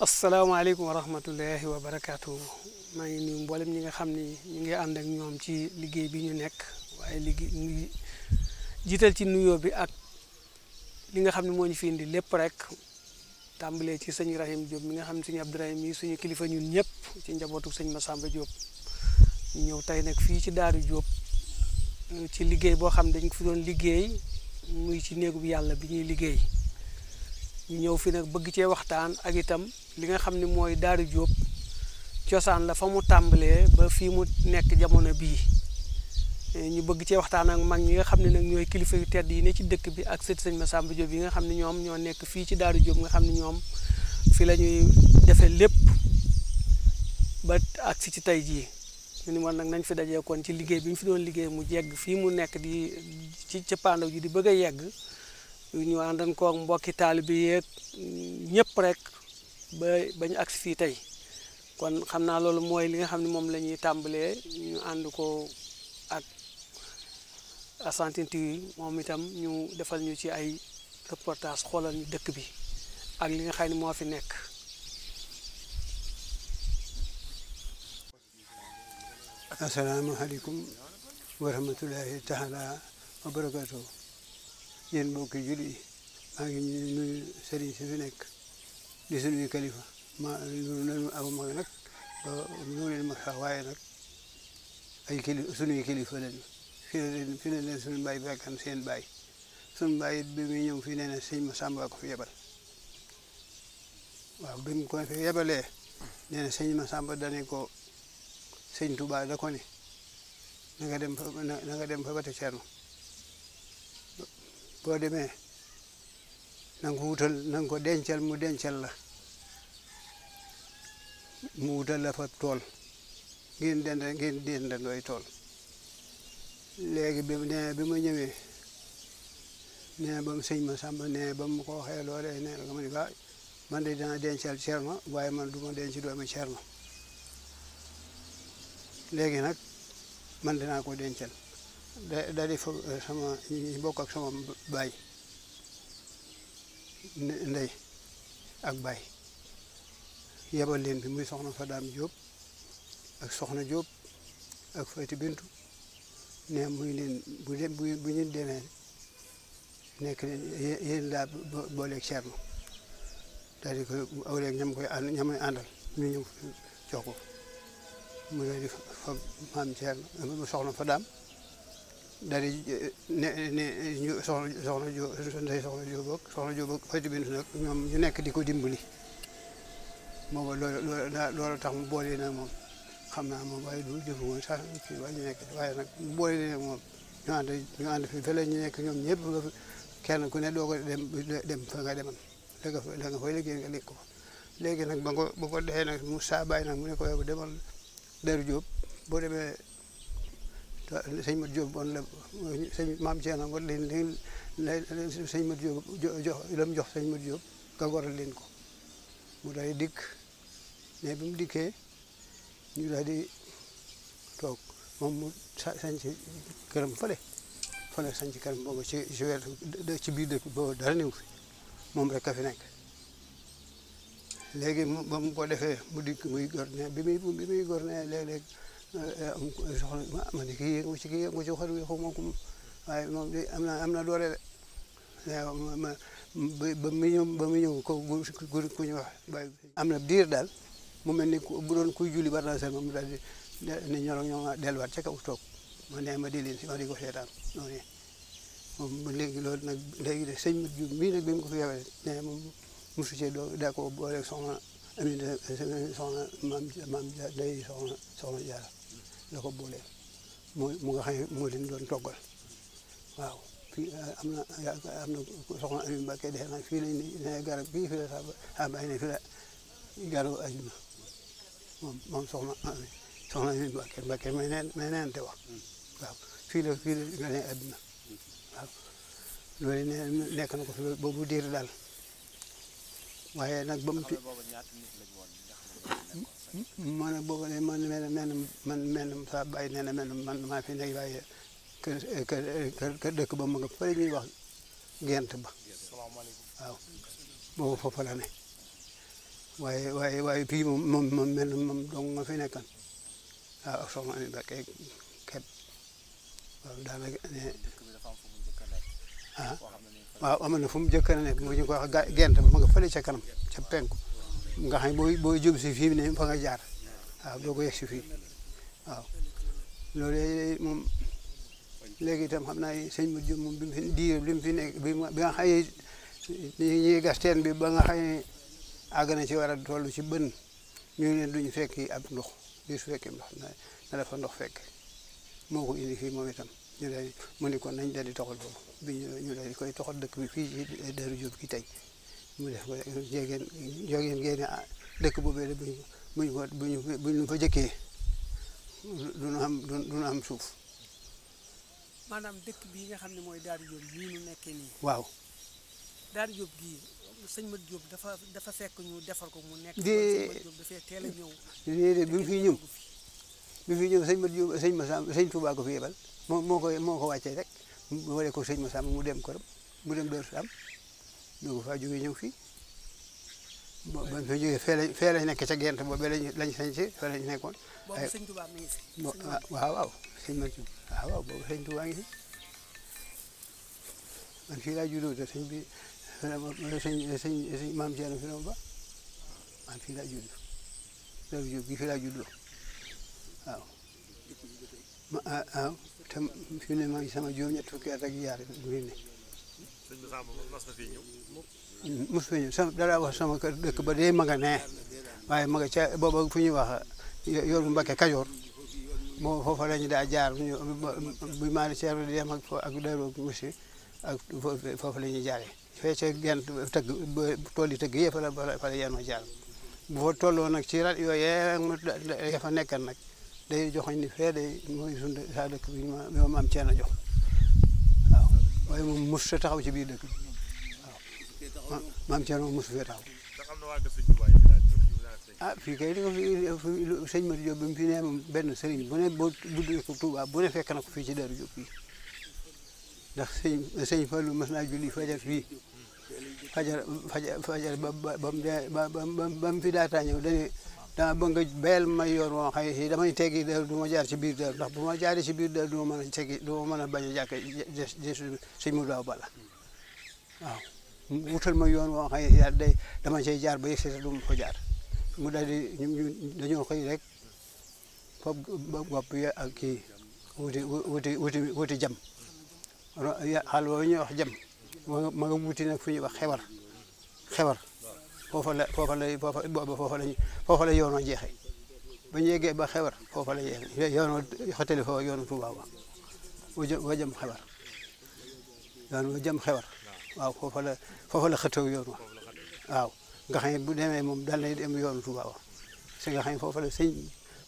asalaamaaleykum wa rahmatullahi wa barakaatu maa ngi nuyu mboolem ñi nga xam ni ñu ngi ànd ak ñoom ci liggéey bi ñu nekk waaye liggéey ñu jiital ci nuyo bi ak li nga xam ne moo ñu fi indi lépp rek tàmbalee ci sëñ Rahim Diop mi nga xam ne sëñ Abdourahim yi suñu kilifa ñun ñëpp ci njabootu sëñ Massamba Diop ñu ñëw tey nag fii ci Daaru jóob euh, ci liggéey boo xam dañ ko fi doon liggéey muy ci néegu yàlla bi ñuy liggéey ñu ñëw fi nag bëgg cee waxtaan ak itam. li nga xam ne mooy Daaru Jóob cosaan la fa mu tàmbalee ba fii mu nekk jamono bii eh, ñu bëgg cee waxtaan ak mag ñi nga xam ne nag ñooy kilifa yu tedd yi ne ci dëkk bi ak sët ma Massamba Diop yi nga xam ne ñoom ñoo nekk fii ci Daaru jóob nga xam ne ñoom fi lañuy defe lépp ba ak si ci tey jii ni man nag nañ fi dajee kon ci liggéey bi ñu fi doon liggéey mu jegg fii mu nekk di ci cëppaandaw ji di bëgg a yegg ñu àndan koog mbokki taalibe yeeg rekk ba ba ñu agsi fii tey kon xam naa loolu mooy li nga xam ne moom lañuy ñuy tàmbalee ñu ànd ko ak Argentine TV moom itam ñu defal ñu ci ay reportage xoolal ñu dëkk bi ak li nga xam ne moo fi nekk. asalaamaaleykum wa rahmatulahi taala wa barakaatu yéen julli maa ngi nuyu sëriñ si fi nekk. di suñuy kalifa ma loolu amu mag nag ñoo leen mag ay kilifa suñuy kilifa lañu fi ne leen fi ne leen seen baay suñu bàyyi bi muy ñëw fii ne ne ma sàmba ko fi yebal waaw bi mu ko fi yebalee nee na sëñ ma sàmba dane ko sëñ Tuubaa da ko ne nga dem fa na nga dem fa bata Cerno boo demee na nga ko wutal na nga dencal mu dencal la mu wutal la fa tool ngeen dend ngeen dendandooy tool léegi bi nee bi ma ñëwee nee ba mu sëñ ma sàmb nee ba mu ko waxee loolee nee nga ma ne ah man de dana dencal cerma waaye man du ma denc doomi cerma léegi nag man dinaa ko dencal da da di fa sama ñi bokk ak sama ndey ak baay yebal leen bi muy soxna fa daam Jóob ak soxna Jóob ak fayti bintu ne muy leen bu dem bu ñu demee nekk leen yéen laa booleeg Cerno daal di ko awleeg ñam koy ànd ñamay àndal ñu ñëw mu daal di fa maam Cerno soxna fa daam dari eh, ne ne ñu soxna soxna Diop ndey soxna Diop ak soxna Diop ak Fatou nag ñoom ñu nekk di ko dimbali booba loolu loolu tax mu boole na moom xam naa moom waaye du jëfu moom sax ci waaye nag mu moom ñu ànd fi fële ñu nekk ñoom ñëpp nga kenn ku ne doo dem dem fa nga demoon la nga ko léegi nag ba ko ba ko mu saa bàyyi nag mu ne ko yow demal Darou Diop boo demee. sëñ Mat Jóob bon la sëñ maam Ceerno nga leen leen sëñ Mat Jóob jox la mu jox sëñ Mat Jóob nga waral leen ko mu day dikk mais bi mu dikkee ñu daal di toog moom mu sañ ci këram fële fële sañ ci këram boobu ci ci biir dëkk boobu dara néew fi moom rek a fi nekk léegi mu ko defee mu dikk muy bi muy bi muy gor ne soxla ma ne kii yéeg ma ci kii yéeg ma ci xar wi xaw ma ko waaye moom de am na am na doole de waaw ma ba mu ñëw ba mu ñëw ko góor ku ñu wax bay am na diir daal mu mel ni bu doon kuy julli ba daal moom daal di ne ñorog ñoom delluwaat ca kaw toog ma ne ma di leen si ma di ko seetaan noonu moom ba léegi loolu nag léegi de sëñ Mat Jóob mii nag bi mu ko fi yewale ne moom mosu cee doo daa ko booleeg soxna am soxna maam maam day soxna soxna jaara la ko boole mooy mu nga xam ne doon toggal waaw fii eh, am na eh, am na soxna Aliou Mbacke defe naa fii lañ ne garab bii fii la saa ba bàyyi ne fii la garab ajuma moom moom soxna soxna Aliou Mbacke Mbacke may neen may neen te fii ne ajuma nekk na ko fi boobu diir daal waaye nag ba mu. moo nag boo ko nee man mel man mel saa bàyyi nee na mel man maa fi nekk waaye kër kër kër dëkk ba mu nga fële ñuy wax ba waaw boobu ne waaye waaye waaye fii moom moom moom mel moom dong nga fi nekkan waaw ak soxna Ami Mbakke képp waaw daanaka ne ah mu njëkk a nekk mu ñu ko ca kanam nga xam ne booy booy jub si fii ne fa nga jaar waaw doo ko yegg si fii waaw loolu moom léegi itam xam naa sëñ ma jub moom bi mu fi diir mu nekk bi nga xam ne ñuy bi ba nga xay ne àgg na ci war a toll ci bën ñu leen duñu fekki ab ndox di su fekkee ndox na dafa ndox fekk moo ko indi fii moom itam ñu lay mu ni nañ daal di toxal foofu bi ñu lay koy toxal dëkk bi fii ci Daaru Jóob ki tey mu def ko jégeen jógeen a dëkk boobee la buñ buñ ko buñ buñ fa jëkkee duñu am duñu am suuf maanaam dëkk bii nga xam ne mooy Daaru Jóob yii nu nekkee nii waaw Daaru Jóob gii sëñ Mat Jóob dafa dafa fekk ñu defar ko mu nekk dafay teel a ñëw déedéet bi mu fi ñëw bi fi ñëw sëñ Mat Jóob sëñ Masamba sëñ Tuubaa ko fi yebal moo moo ko moo ko wàccee rek mu waree ko sëñ Masamba mu dem këram mu dem Daaru Salaam doogu faa jógee ñëw fii ba ba fa jógee fee lañ fee nekk ca gent boobu lañ lañ sañ si fee nekkoon. boobu sëñ Tuba mi ngi si. Ah, waaw waaw sëñ man waaw ah, waaw boobu sëñ Tuba ngi si man fii laa maam Thierno fi ma ba man fii laa juddoo loolu jóg fii laa juddoo waaw. ma ah ah te fi mu ne sama juróom-ñett fukki at ne. sëñ bi Samba mas na fee ñëw. sama dara wax sama dëkk ba dee ma nee waaye ma ca booba fu ñuy wax yoon bu Mbàkke Kajoor moo foofa la ñu daa jaar bu ñu bu maanaam ceeb di dem ak fo ak Darou Moussi ak foofu la ñuy jaaree. fee gent tëgg ba tool yi tëgg yëpp la fa la yenoo jaar bu fa tolloo nag ci rajo yooyee fa nekkan nag day joxoñ ni fee day mooy sunu saa dëkk bi ma ma am cee na jox. waaye moom mos sa taxaw ci biir dëkk bi waaw maam Thierno mos fee taxaw ah fii kay di ko sëñ Mati Diop bi mu fi nee moom bu ne boo buddee ko Touba bu ne fekk na ko fii ci Darou Diop fii ndax sëñ sëñ Fallou mas naa julli fajar fii fajar fajar fajar ba ba ba mu fi dama bëgg nga bayal ma yoon woo xëy si damay teggi dër du ma jaar si biir dër ndax bu ma jaaree si biir dër du ma a teggi du mën a bañ a jàkk suñ mu daaw bala wutal ma yoon woo xëy si daal day dama cay jaar ba yëg si du ma ko jaar mu daal di dañoo xëy rek fab bopp yi ak kii wuti wuti wuti wuti jam xaal boobu ñuy wax jam ma nga wuti nag fu ñuy wax xewar xewar foofa la foofa lay foofa booba foofa lay foofa lay yoonoo jeexe ba ñu ba xewar foofa la jeexe yoonoo xotali foofa yoonu Tuubaa ba wa jëm xewar yoon wa jëm xewar waaw foofa la foofa la waaw nga xam bu demee moom dal na dem yoonu Tuubaa ba si nga xam foofa la sëñ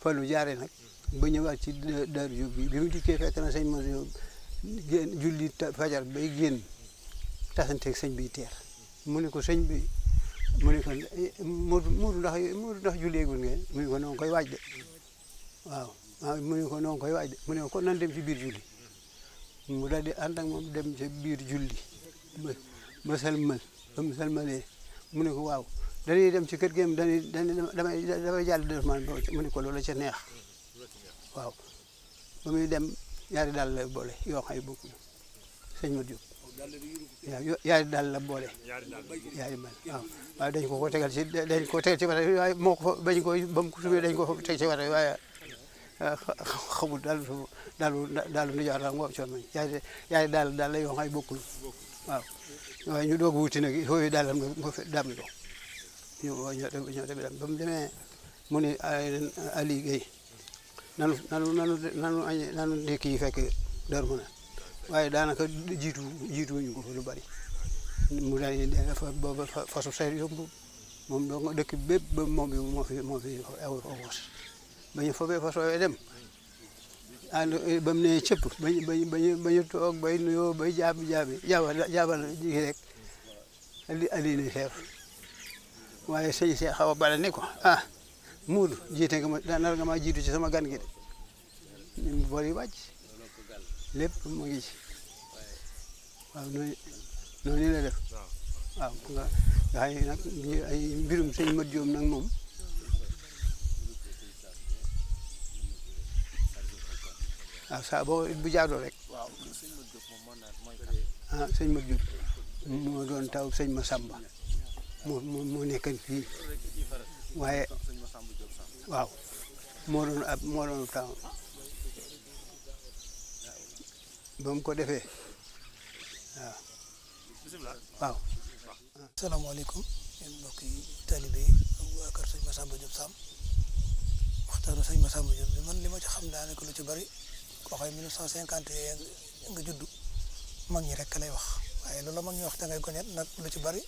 Fallu jaare nag ba ñëwaat ci Daaru Jóob bi bi mu dikkee fekk na sëñ Mansuur génn julli fajar bay génn tasanteeg sëñ bi teer mu ne ko sëñ bi mu ne ko eh, Modou Modou ndax Modou ngeen mu ne ko noo koy waaj de waaw waaw mu ko noo waaj de mu ko kon nan dem ci biir julli mu da di ànd ak moom dem ci biir julli ba salmal ba mu ne ko waaw dañuy dem ci kër gi dañuy damay damay jàll di def maanaam mu ne ko loola ca neex waaw ba dem ñaari daal lay boole yoo xam ne bokkuñu sëñ Modou Diop yaari daal la boole yaari daal waaw waaye dañ ko ko tegal ci dañ ko tegal moo ko bañ ko ba ko sumee dañ ko teg ci wata waaye xamul daal daal daal nu jox moo coon mañ yaari yaari daal daal la yoo xam ne bokkul waaw waaye ñu doog wuti nag foofu daal moo fi dam do ñoo ñoo tamit mu demee mu ni Ali Gueye nanu nanu nanu nanu nanu yi fekk dër mu waaye daanaka jiitu jiitu ñu ko fa lu bari mu daal di fa booba fasu saytu yóbbu moom doo dëkk bépp moom bi moo fi moo fi aw fos ba ni waaye sëñ see xaw ne ko ah muudu jiite nga ma nar nga maa jiitu ci sama gan gi de bool yi wàcc lépp mu ngi ci waaw noonu noonu la def waaw nga nga xam nag mbirum sëñ Mat Jóob nag moom waaw bu jaadoo rek ah sëñ Mat Jóob moo doon taw sëñ ma sàmba moo moo fii waaye waaw moo doon ab moo doon taw ba mu ko defee waaw waaw asalaamaaleykum yéen mbokk yi taalibe bi ak waa kër sëñ Massamba Diop Sam waxtaanu sëñ Massamba Diop bi man li ma ci xam daanaka lu ci bari koo xam ne nga judd mag ñi rek lay wax waaye loolu mag ñi wax da ngay nag lu ci bari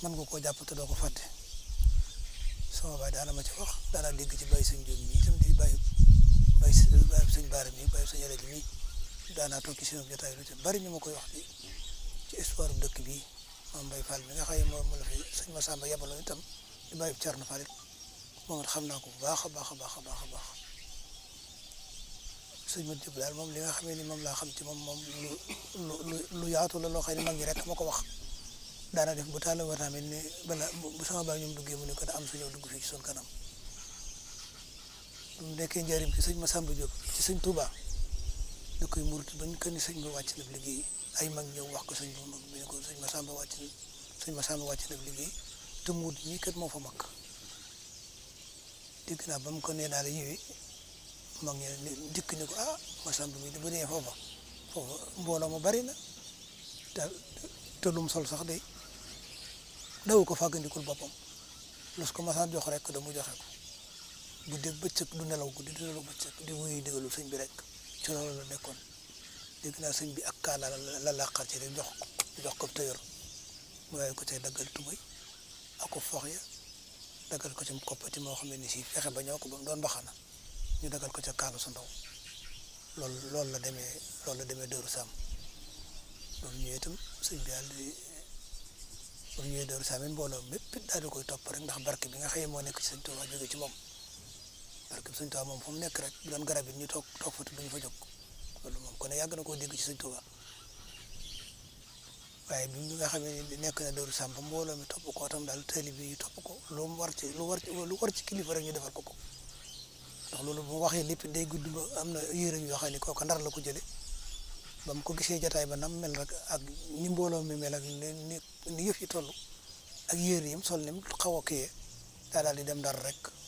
mën nga koo jàpp te doo ko fàtte sama baay daana ma ci wax daana dégg ci bàyyi sëñ Diop mi itam di bàyyi bàyyi bàyyi sëñ Baara mi bàyyi sëñ Yàlla mi daanaa toog ci seen jotaay ci bari ñu ma koy wax ci ci histoire dëkk bi maam Mbaye Fall bi nga xam ne moom la fi sëñ Massamba yebaloon itam di bàyyi Thierno Fall it xam naa ko bu baax a baax a baax a baax a baax sëñ Mat Jóob daal moom li nga xamee ni moom laa xam ci moom moom lu lu yaatu la loo xam ne mag ñi rek ma ko wax daana def bu tàlla wataamit ni bala bu sama baay ñoom duggee mu ne ko da am su ñëw dugg fii ci suñ kanam mu nekkee njëriñ ci sëñ Massamba Jóob ci sëñ Touba ne koy murit bañ ko ni sëñ ba wàcc na liggéey ay mag ñëw wax ko sëñ ba mag bi ne ko sëñ Masamba wàcc na sëñ Masamba wàcc na liggéey te muut ñi kat moo fa mag dégg naa ba mu ko nee daal di ñëwee mag ñi dikk ne ko ah Masamba mi bu nee foofa foofa mbooloo mu bari na te lum sol sax day daw ko fàggandikul boppam los ko Masamba jox rek da mu joxe ko bu dee bëccëg du nelaw guddi du nelaw bëccëg di wuyu ndigalu sëñ bi rek. ci loolu nekkoon dégg naa sëñ bi ak kaala la la xar ci rek jox jox ko tëyër mu waaye ko cay daggal tubay ak ko fox ya daggal ko ci koppati moo xam ne ni si fexe ba ñoo ko ba mu doon baxana ñu daggal ko ca kaala su ndaw loolu loolu la demee loolu la demee Dóoru Sàmm loolu ñëwee itam sëñ bi daal di loolu ñëwee Dóoru Sàmm it mbooloo mépp daal koy topp rek ndax barke bi nga xëy moo nekk ci sëñ a jóge ci moom barkeb sëñ Tuubaa moom fu mu nekk rek bu garab it ñu toog toog fa te duñu fa jóg loolu moom kon yàgg na koo dégg ci sëñ Tuubaa waaye bi nga xam ne nekk na Daaru Samb mbooloo mi topp ko tam daal tëli bi topp ko lu war lu war ci lu ñu defal ko ko ndax loolu bu waxee lépp day gudd ba am na yére yoo xam ne kooka ndar la ko jële ba ko gisee jataay ba nam mel rek ak ni mbooloo mi mel ak ni ni yëf yi toll ak yére yi mu sol ni mu xaw a kiyee daa daal di dem ndar rek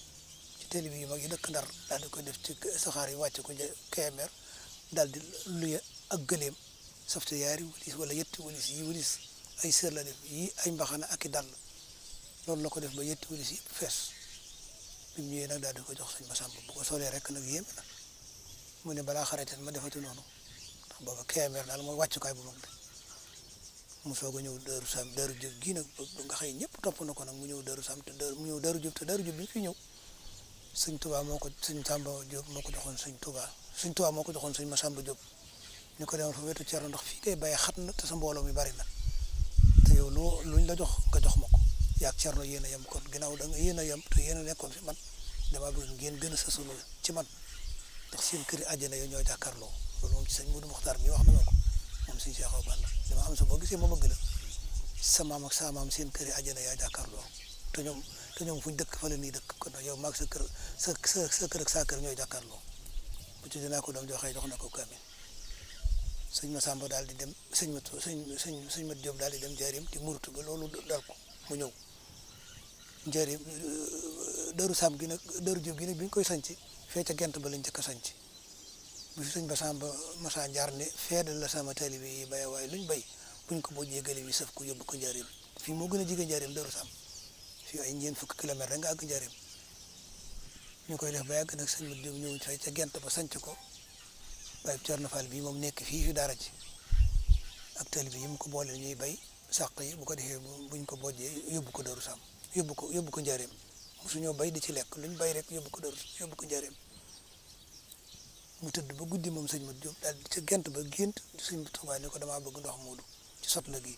télé bi yu mag yi dëkk Ndar daal di def ci saxaar yi wàcce ko Kemer daal di luye ak gëleem safte yaari walis wala yetti walis yi walis ay sër la yi ay mbaxana ak i dàll loolu la ko def ba yetti walis yëpp fees bi mu daal di ko jox sëñ Masamba ko solee rek nag yéeme mu ne balaa xaree ma defati noonu ndax booba daal mooy wàccukaay bu mag bi mu ñëw Daaru Sam Daaru Jub gii nag nga xëy ñëpp topp na ko nag mu ñëw Daaru Sam te ñëw Daaru Jub fi ñëw sëñ Touba moo ko sëñ Samba Diop moo ko joxoon sëñ Touba suñ Touba moo ko joxoon ma Massamba Diop ñu ko demoon fa wetu Thierno ndox fii ngay bàyyi xat na sa mbooloo mi bari na te loo luñ la jox nga jox ma ko yaag Thierno yéen a yem kon ginnaaw da nga yéen a yem te yéen a nekkoon fi man damaa bëgg ngeen gën a sasuloo ci man ndax seen këri àjjana ñoo jàkkaarloo loolu ci sëñ Modou Mokhtar mi wax na ma ko moom sëñ Cheikh Awa Balla dama xam sa boo gisee moom a gën a sa maam ak sa maam seen këri àjjana yaa jàkkaarloo te ñoom te ñoom fu ñu dëkk fa la nii dëkk kon yow maag sa kër sa sa sa ak sa kër ñooy jàkkaarloo bu ci dinaa ko doom joxee jox na ko kaamil sëñ ma Samba daal di dem sëñ ma sëñ sëñ sëñ ma Diop daal di dem Njaarim di murtu ba loolu dal ko mu ñëw Njaarim euh, Dëru gi nag Dëru Diop gi nag bi ñu koy sanc fee ca gent ba lañ njëkk a sanc bu fi sëñ ma Samba njaar Ndiar ne feedal la sama taalibe yi bay waaye luñ bay buñ ko bojjee gële wi saf ko yóbbu ko Njaarim fii moo gën a jege Njaarim Dëru Samb fii ay ñeent fukki kilomètre rek nga àgg njëriñ ñu koy def ba yàgg nag sëñ bi ñëw ñëw fay ca gent ba sanc ko bay Cerno Fall bii moom nekk fii fi daara ci ak tël bi yi mu ko boole ñuy bay sàq yi bu ko defee buñ ko bojjee yóbbu ko Daaru Sam yóbbu ko yóbbu ko njëriñ mosuñoo bay di ci lekk luñ bay rek yóbbu ko Daaru yóbbu ko njëriñ mu tëdd ba guddi moom sëñ Mat Jóob daal di ca gent ba gént sëñ Tuubaa ne ko damaa bëgg ndox muudu ci sot la gi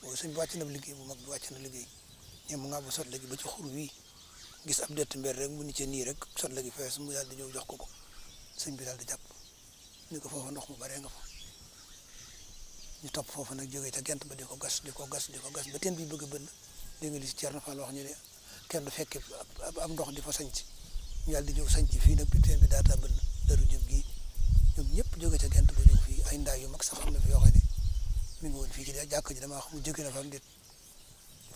boobu sëñ bi wàcc na liggéey bu mag bi wàcc na liggéey ne mu nga bu sotle gi ba ci xur wi gis ab dett mbir rek mu ni ca nii rek sotle gi fees mu daal di ñëw jox ko ko sëñ bi daal di jàpp ni ko foofa ndox mu baree nga fa ñu topp foofu nag jógee ca gent ba di ko gas di ko gas di ba teen bi bëgg a bënn dégg nga li si Thierno ñu ne kenn fekkee ab ndox di fa sanc ñu daal di ñëw sanc fii nag bi bi daata bënn daru jëm gii ñëpp jógee ca gent ba fii ay ndaa yu mag sax xam na fi yoo xam ne mi ngi woon fii ci jàkk ji dama xam jóge na fa am déet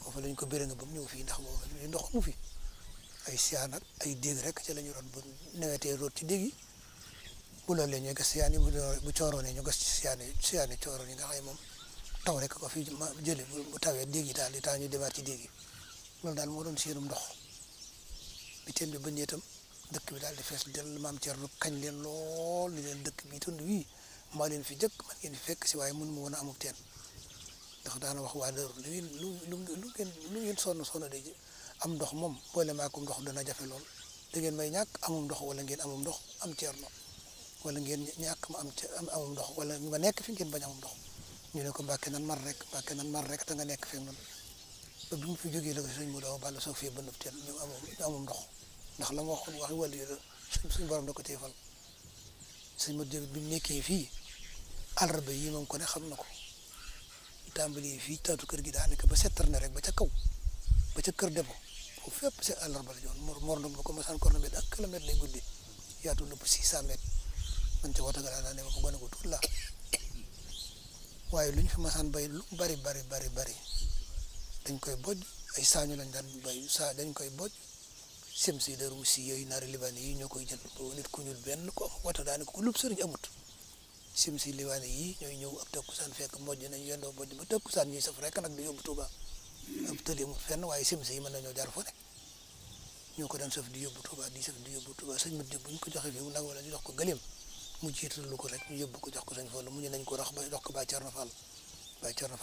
foofu lañ ko béré nga ba mu ñëw fii ndax boobu li ndox mu fi ay siyaan ay dégg rek ca la ñu doon bu nawetee root ci dégg yi bu loolu ñooy gas siyaan yi bu cooroon ñu gas ci siyaan yi siyaan yi cooroon yi nga moom taw rek ko fi ma jëlee bu tawee dégg yi daal di taa ñu demaat ci dégg yi daal moo doon séenum ndox bi teen bi bañ itam dëkk bi daal di fees del maam Thierno kañ leen lool di leen dëkk bi tund wii maa leen fi jëkk man ngeen fekk si waaye mënu ma woon a amub teen ndax daana wax waa Daaru lu ngeen lu lu ngeen lu ngeen sonn sonn de am ndox moom boole maakum ndox dana jafe lool da ngeen may ñàkk amum ndox wala ngeen amum ndox am ceerno wala ngeen ñàkk ma am amum ndox wala ma nekk fi ngeen bañ amum ndox ñu ne ko mbàkke nan mar rek mbàkke nan mar rek te nga nekk fi noonu ba du mu jógee la ko mu doo bala soo fii ba nëb teen ñu amum amum ndox ndax la ma waxoon waxi wàllu yi la suñ borom da ko téefal sëñ ma jóg bi mu nekkee fii àllarba yi moom ko ne xam na ko tàmbalee fii taatu kër gi daanaka ba settar na rek ba ca kaw ba ca kër debo foofu fépp seen àllarba la joon mor mor ko masaan kornamètre ak kilomètre lay guddi yaatu lëpp 600 mètres man ca ko gone ko la waaye lu ñu fi masaan bay lu bari bari bari dañ koy bojj ay saañu lañ daan bay saa dañ koy bojj sem si de Russie yooyu naari liban yi ñoo koy jël nit ku ñuul benn ko am wata daanaka ku lub sëriñ amut sim si liwaale ñooy ñëw ab takkusaan fekk mbojj nañu yendoo mbojj ba takkusaan ñuy saf rek nag di yóbbu Touba ab tëli mu fenn waaye sim si yi mën nañoo jaar fu ko daan saf di yóbbu Touba di saf di yóbbu Touba sëñ mat bu ñu jox ko gëlim ko rek ñu yóbbu ko jox ko sëñ Fallu mu ñu nañ ko rax ba jox ko Baay Cerno Fall Baay Cerno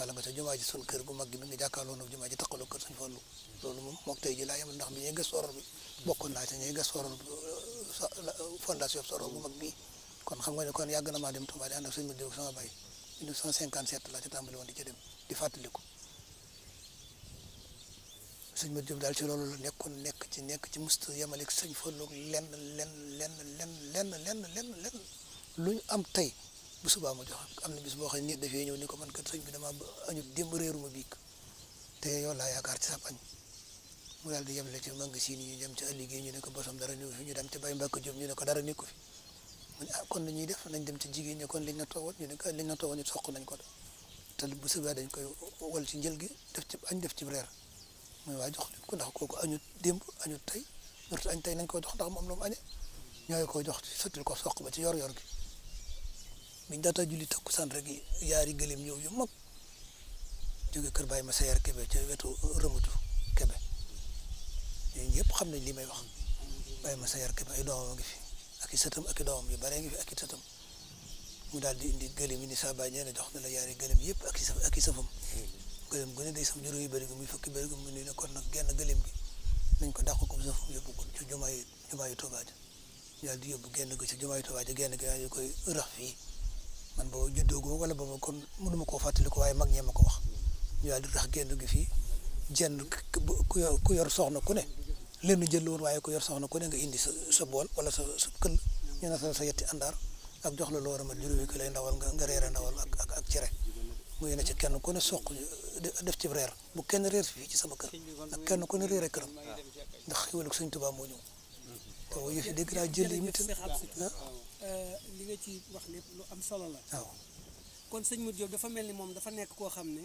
kër gu mag gi bi nga jàkkaarloo nag jumaa ji taqaloo moom mook laa yemal ndax bi ñuy gas soror bi bokkoon naa ca uh, ñuy bu mag bi kon xam nga ne kon yàgg na maa dem Touba a ànd ak sëñ Madiou sama bay 1957 di ca dem di fàttaliku sëñ Madiou daal ci loolu la nekkoon nekk ci nekk ci musta yemale ak sëñ Fallou lenn lenn lenn lenn lenn lenn lenn lenn lu ñu am tey bu subaa ma jox am na bis boo xam ne da dafay ñëw ni ko man kat sëñ bi damaa añu démb réeru ma biig te yow laa yaakaar ci sa añ mu daal di yemle ci ñu dem ci àll gi ñu ñu dem ci bay mbàkk jëm ñu ne ko dara nekku fi mu ne ah kon lu ñuy def nañ dem ci jigéen ñi kon liñ na toowoon ñu ne ah liñ na toowoon soq nañ ko de lu bu subaa dañ koy wal ci njël gi def ci añ def ci reer mooy waa jox leen ko ndax kooku añu démb añu tey ñortu añ tey nañ ko jox ndax moom la mu añee ñooy ko jox sottil ko soq ba ci yor-yor gi biñ daataa julli takkusaan rek yaari gëléem ñëw yu mag kër bay ma sayer Kébé ca wetu uh, rëmatu Kébé ñooñu ñëpp xam nañ li may wax Baye ma sayer Kébé ay doomam a fi. ak i sëtam ak i doomam yu bare ngi fi ak i sëtam mu daal di indi gëlëm yi ni saa baay nee na la yaari gëlëm yëpp ak i sëf ak i sëfam gëlëm gu ne day sam juróomi bërigo muy fukki bërigo mu ne kon nag genn gëlëm gi nañ ko dàq ko bu sëfam yóbbu ko ci jumaa yi jumaa di yóbbu genn gi ci jumaa yi Tuubaa ja genn gi daal di koy rax fii man booba juddoo guma wala booba kon mënuma koo fàttali ko waaye mag ñee ma ko wax ñu daal di rax genn gi fii jenn ku yor soxna ku ne lenn jël woon waaye ko yor soxna ku ne nga indi sa sa bool wala sa sa këll ñu nasal sa yetti àndaar ak jox la loo war a mat juróomi ki lay ndawal nga nga reere ndawal ak ak ak cere muy na ci kenn ku ne soq def ci reer bu kenn reer fii ci sama kër ak kenn ku ne reere këram ndax xiwalu Sëñ Tuubaa moo ñëw te yëf yi dégg naa ah. euh, li nga ci wax lépp lu am solo la waaw kon sëñ Modou Diop dafa mel ni moom dafa nekk koo xam ne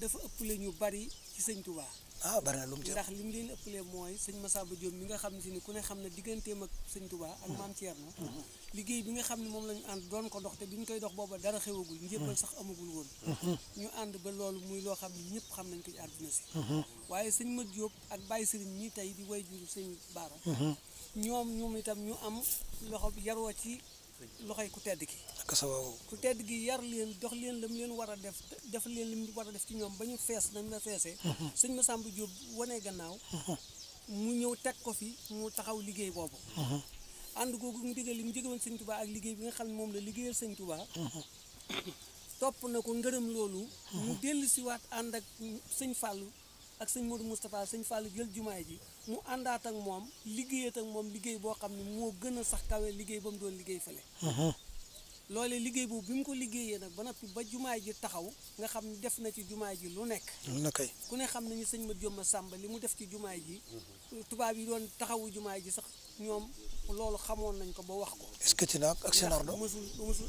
dafa ëpp la ñu bari ci Sëñ Tuubaa ah bari ci ndax li mu leen ëppalee mooy sëñ Massamba Diop mi nga xam ni si ni ku ne xam ne digganteem ak sëñ Touba ak maam Thierno mm-hmm. Mm-hmm. liggéey bi nga xam ne moom la ñu ànd doon ko dox te bi ñu koy dox booba dara xewagul njébbal sax amagul woon mm-hmm. ñu ànd ba loolu muy loo xam ne ñëpp xam nañ ko ci àdduna si waaye sëñ ma Diop ak Baye Sëriñ ñi tey di way jur sëñ Baara ñoom ñoom itam ñu am loxo yaroo ci yi ku tedd ki ak sa waaw ku tedd gi yar leen jox leen lam leen war a def def leen lim war a def ci ñoom ba ñu fees nañ la feesee mhm. sëñ Masamba Diop wanee gannaaw mhm. mu ñëw teg ko fi mu taxaw liggéey boobu mhm. ànd googu mu digal li mu jóge woon sëñ Touba ak liggéey bi nga xam ne moom la liggéeyal sëñ Touba topp na ko ngërëm loolu mu dellu siwaat ànd ak sëñ Fallou ak sëñ Modou Moustapha sëñ Fallou jël jumaay ji mu àndaat ak moom liggéeyaat ak moom liggéey boo xam ne moo gën a sax kawe liggéey ba doon liggéey loole liggéey boobu bi mu ko liggéeyee nag ba noppi ba jumaay ji taxaw nga xam ne def na ci jumaay ji lu nekk mm-hmm. ku ne xam nañu sëñ ma jomma sàmba li mu def ci jumaay ji mm-hmm. tubaab yi doon taxawu jumaay ji sax ñoom loolu xamoon nañ ko ba wax ko est-ce que ci naag ak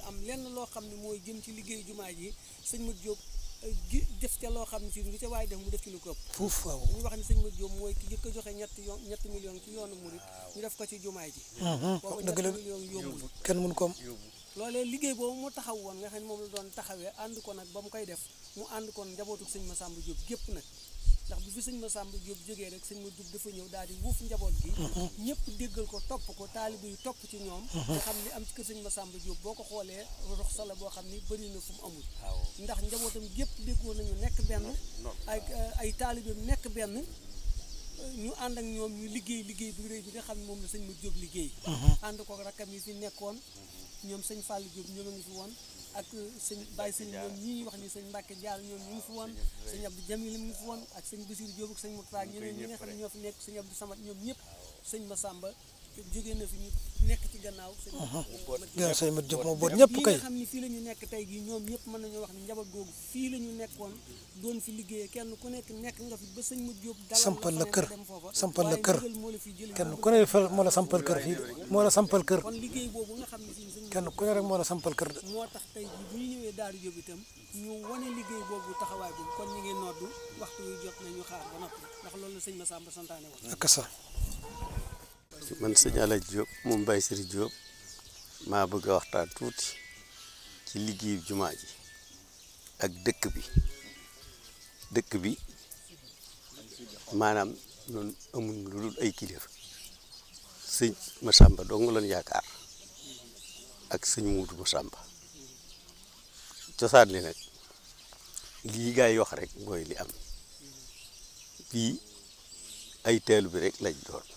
am lenn loo xam ne mooy jëm ci liggéey jumaay ji sëñ ma Jóob euh, gi def ca loo xam ne si lu ca waaye def mu def ko ëpp wax ne sëñ ma Jóob mooy ki jëkk joxe ñetti yoon ñetti million ci yoonu murit ñu def ko ci jumaay ji mm-hmm. boobu million yóbbul kenn mënu ko am loolee liggéey boobu mu taxaw woon nga xam moom la doon taxawee ànd ko nag ba mu koy def mu ànd koon njabootu sëñ sàmba Diop gépp nag ndax bu fi sëñ Masamba Diop jógee rek sëñ ma Diop dafa ñëw daal di wuuf njaboot gi ñëpp déggal ko topp ko taalibe yi topp ci ñoom nga xam am ci kër sëñ Masamba boo ko xoolee rox sala boo xam ni bëri na fu mu amul ndax njabootam gépp déggoo nañu nekk benn ay eh, ay taalibeem nekk benn ñu ànd ak ñoom ñu liggéey liggéey bu rëy bi nga xam ne moom la sëñ ma jóob liggéey mm-hmm. ànd ko rakkam yi fi nekkoon mm-hmm. ñoom sëñ Fallou Diop ñoom a ngi fi woon ak euh, sëñ baay sëñ ñoom ñii wax ni sëñ Mbacke Diallo ñoom ñu ngi fi woon sëñ Abdou Jamil mu fi woon ak sëñ Bassirou Diop ak sëñ Moutara ñeneen ñi nga xam ne ñoo fi nekk sëñ Abdou Samad ñoom ñëpp sëñ sàmba jóge na fi ñu nekk ci gannaaw. sëñ Mat Jóob moo boot ñëpp kay. nga xam fii la ñu nekk tey jii ñoom ñëpp mën nañoo wax ni njaboot googu fii la ñu nekkoon doon fi liggéeyee kenn ku nekk nekk nga fi ba sëñ Mat Jóob. sampal la kër sampal la kër kenn ku ne moo la sampal kër fii moo la sampal kër. kon liggéey boobu nga xam ne fii kenn ku ne rek moo la sampal kër. moo tax tey jii bu ñu ñëwee Daaru Jóob itam ñu wane liggéey boobu taxawaay boobu kon ñu ngi noddu waxtu yu jot nañu xaar ba noppi ndax loolu la sëñ Masamba santaane wax man sëñ Alaaji Diop moom Baye Sëri Diop maa bëgg a waxtaan tuuti ci liggéeyu jumaa ji ak dëkk bi dëkk bi maanaam noonu amul lu dul ay kilifa sëñ Masamba dong lañ yaakaar ak sëñ Muudu Masamba cosaan li nag lii gaa rek mooy li am bii ay teelu bi rek lañ doon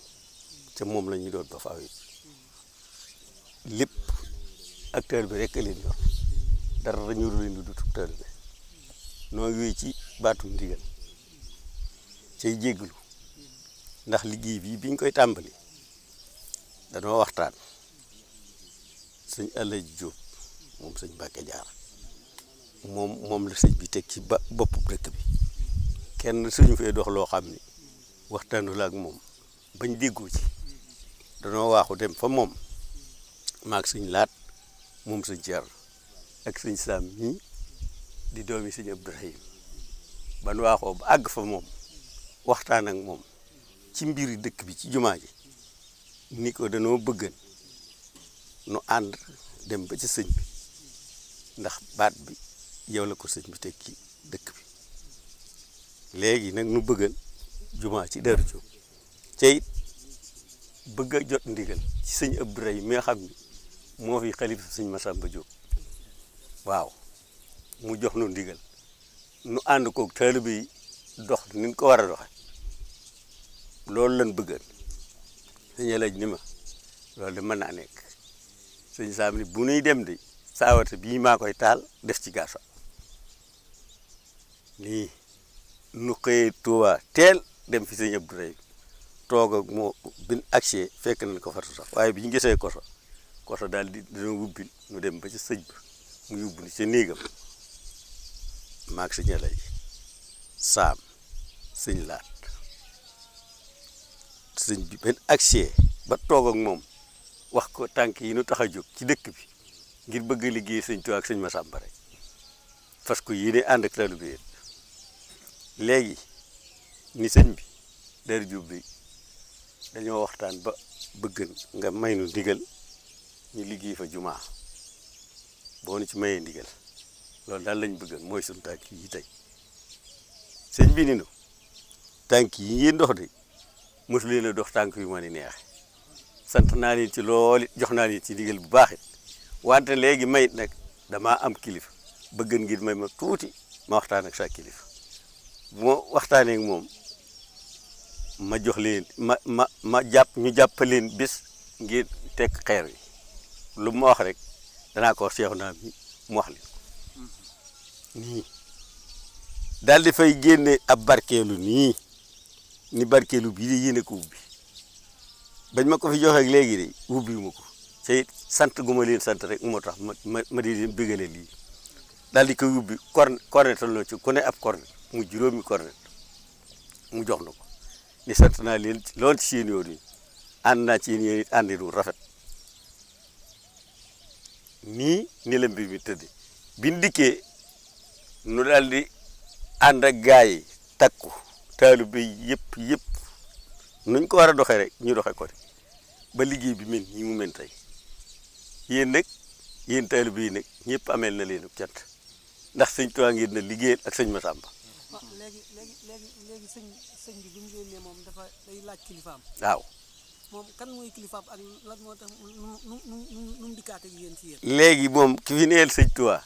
moom la ñuy doon ba faaw it lépp acteur bi rek leen ñor dara ñëw leen di dut acteur bi noo wéy ci baatu ndigal cay ndax liggéey bi biñ koy tàmbali danoo waxtaan sëñ Alaji Jóob moom sëñ Mbàkke Jaar moom moom la sëñ bi teg ci ba boppu bi kenn suñu fee dox loo xam ni waxtaanu la moom bañ déggoo ci danoo waaxu dem fa moom maak suñ laat moom suñ cer ak suñ saam ñii di doomi suñ Abdourahim ban waaxoo ba àgg fa moom waxtaan ak moom ci mbiri dëkk bi ci jumaa ji ni ko danoo bëggan nu ànd dem ba ci sëñ bi ndax baat bi yow la ko sëñ bi tekki dëkk bi léegi nag nu bëggan jumaa ci Daaru Jóob te bëgg jot ndigal ci sëñ Abdoulaye mi nga xam ni moo fi xalifa sëñ Massamba waaw mu jox nu ndigal nu ànd koog taalibe yi dox ni ñu ko war a doxe loolu lañ bëggal sëñ Alaaji ni ma loolu de mën naa nekk sëñ Saam ni bu nuy dem de saawata bii maa koy taal def ci gaasa nii nu xëyee Tuuba teel dem fi sëñ Abdoulaye toog ak moo bin accès fekk nañ ko fa sax waaye bi ñu gisee koso koso daal di dina wubbi ñu dem ba ci sëj ba mu yóbbu ni ca néegam maag sëñ saam sëñ laat sëñ bi benn accès ba toog ak moom wax ko tànk yi nu tax a jóg ci dëkk bi ngir bëgg liggéey sëñ Tuubaa ak sëñ Masamba rek parce que yéene ànd ak taalibe bi léegi ni sëñ bi dara jubbi dañoo waxtaan ba bëgg nga may nu ndigal ñu liggéey fa juma boo nu ci maye ndiggal loolu daal lañ bëgg mooy suñu tànk yi tey sëñ bi ni nu tànk yi ngeen dox de mosu leen dox tànk yu ma neex sant naa ci looli jox naa ci ndigal bu baax it wante léegi mayit nag dama am kilifa bëgg ngir may ma tuuti ma waxtaan ak sa kilifa bu ma waxtaanee moom. ma jox leen ma ma ma jàpp ñu jàppaleen bis ngir teg xeer wi lu ma wax rek danaa ko seexu naa mi mu wax leen nii daal di fay génne ab barkeelu nii ni barkeelu bii di yéene ko ubbi bañ ma ko fi joxee léegi de ubbi ma ko te sant gu ma leen sant rek moo tax ma ma ma di leen bégale lii daal di koy ubbi corne cornet taloo ci ku ab cornet mu juróomi cornet mu jox na ko ni sant naa leen lool ci seen yoon yi ànd naa ci yéen àndi du rafet nii ni la mi tëdd biñ dikkee nu daal di ànd ak gaa yi takku taalibe yëpp yëpp nuñ ko war a doxee rek ñu doxee ko ba liggéey bi mel nii mu mel tey yéen nag yéen taalibe yi nag ñëpp ameel na leen cant ndax sëñ Tuubaa ngeen na liggéeyal ak sëñ Masamba. léegi sëñ moom dafa day laaj kilifaam. kan mooy kilifaam ak lan moo tax nu nu nu léegi moom ki fi neel sëñ Tuubaa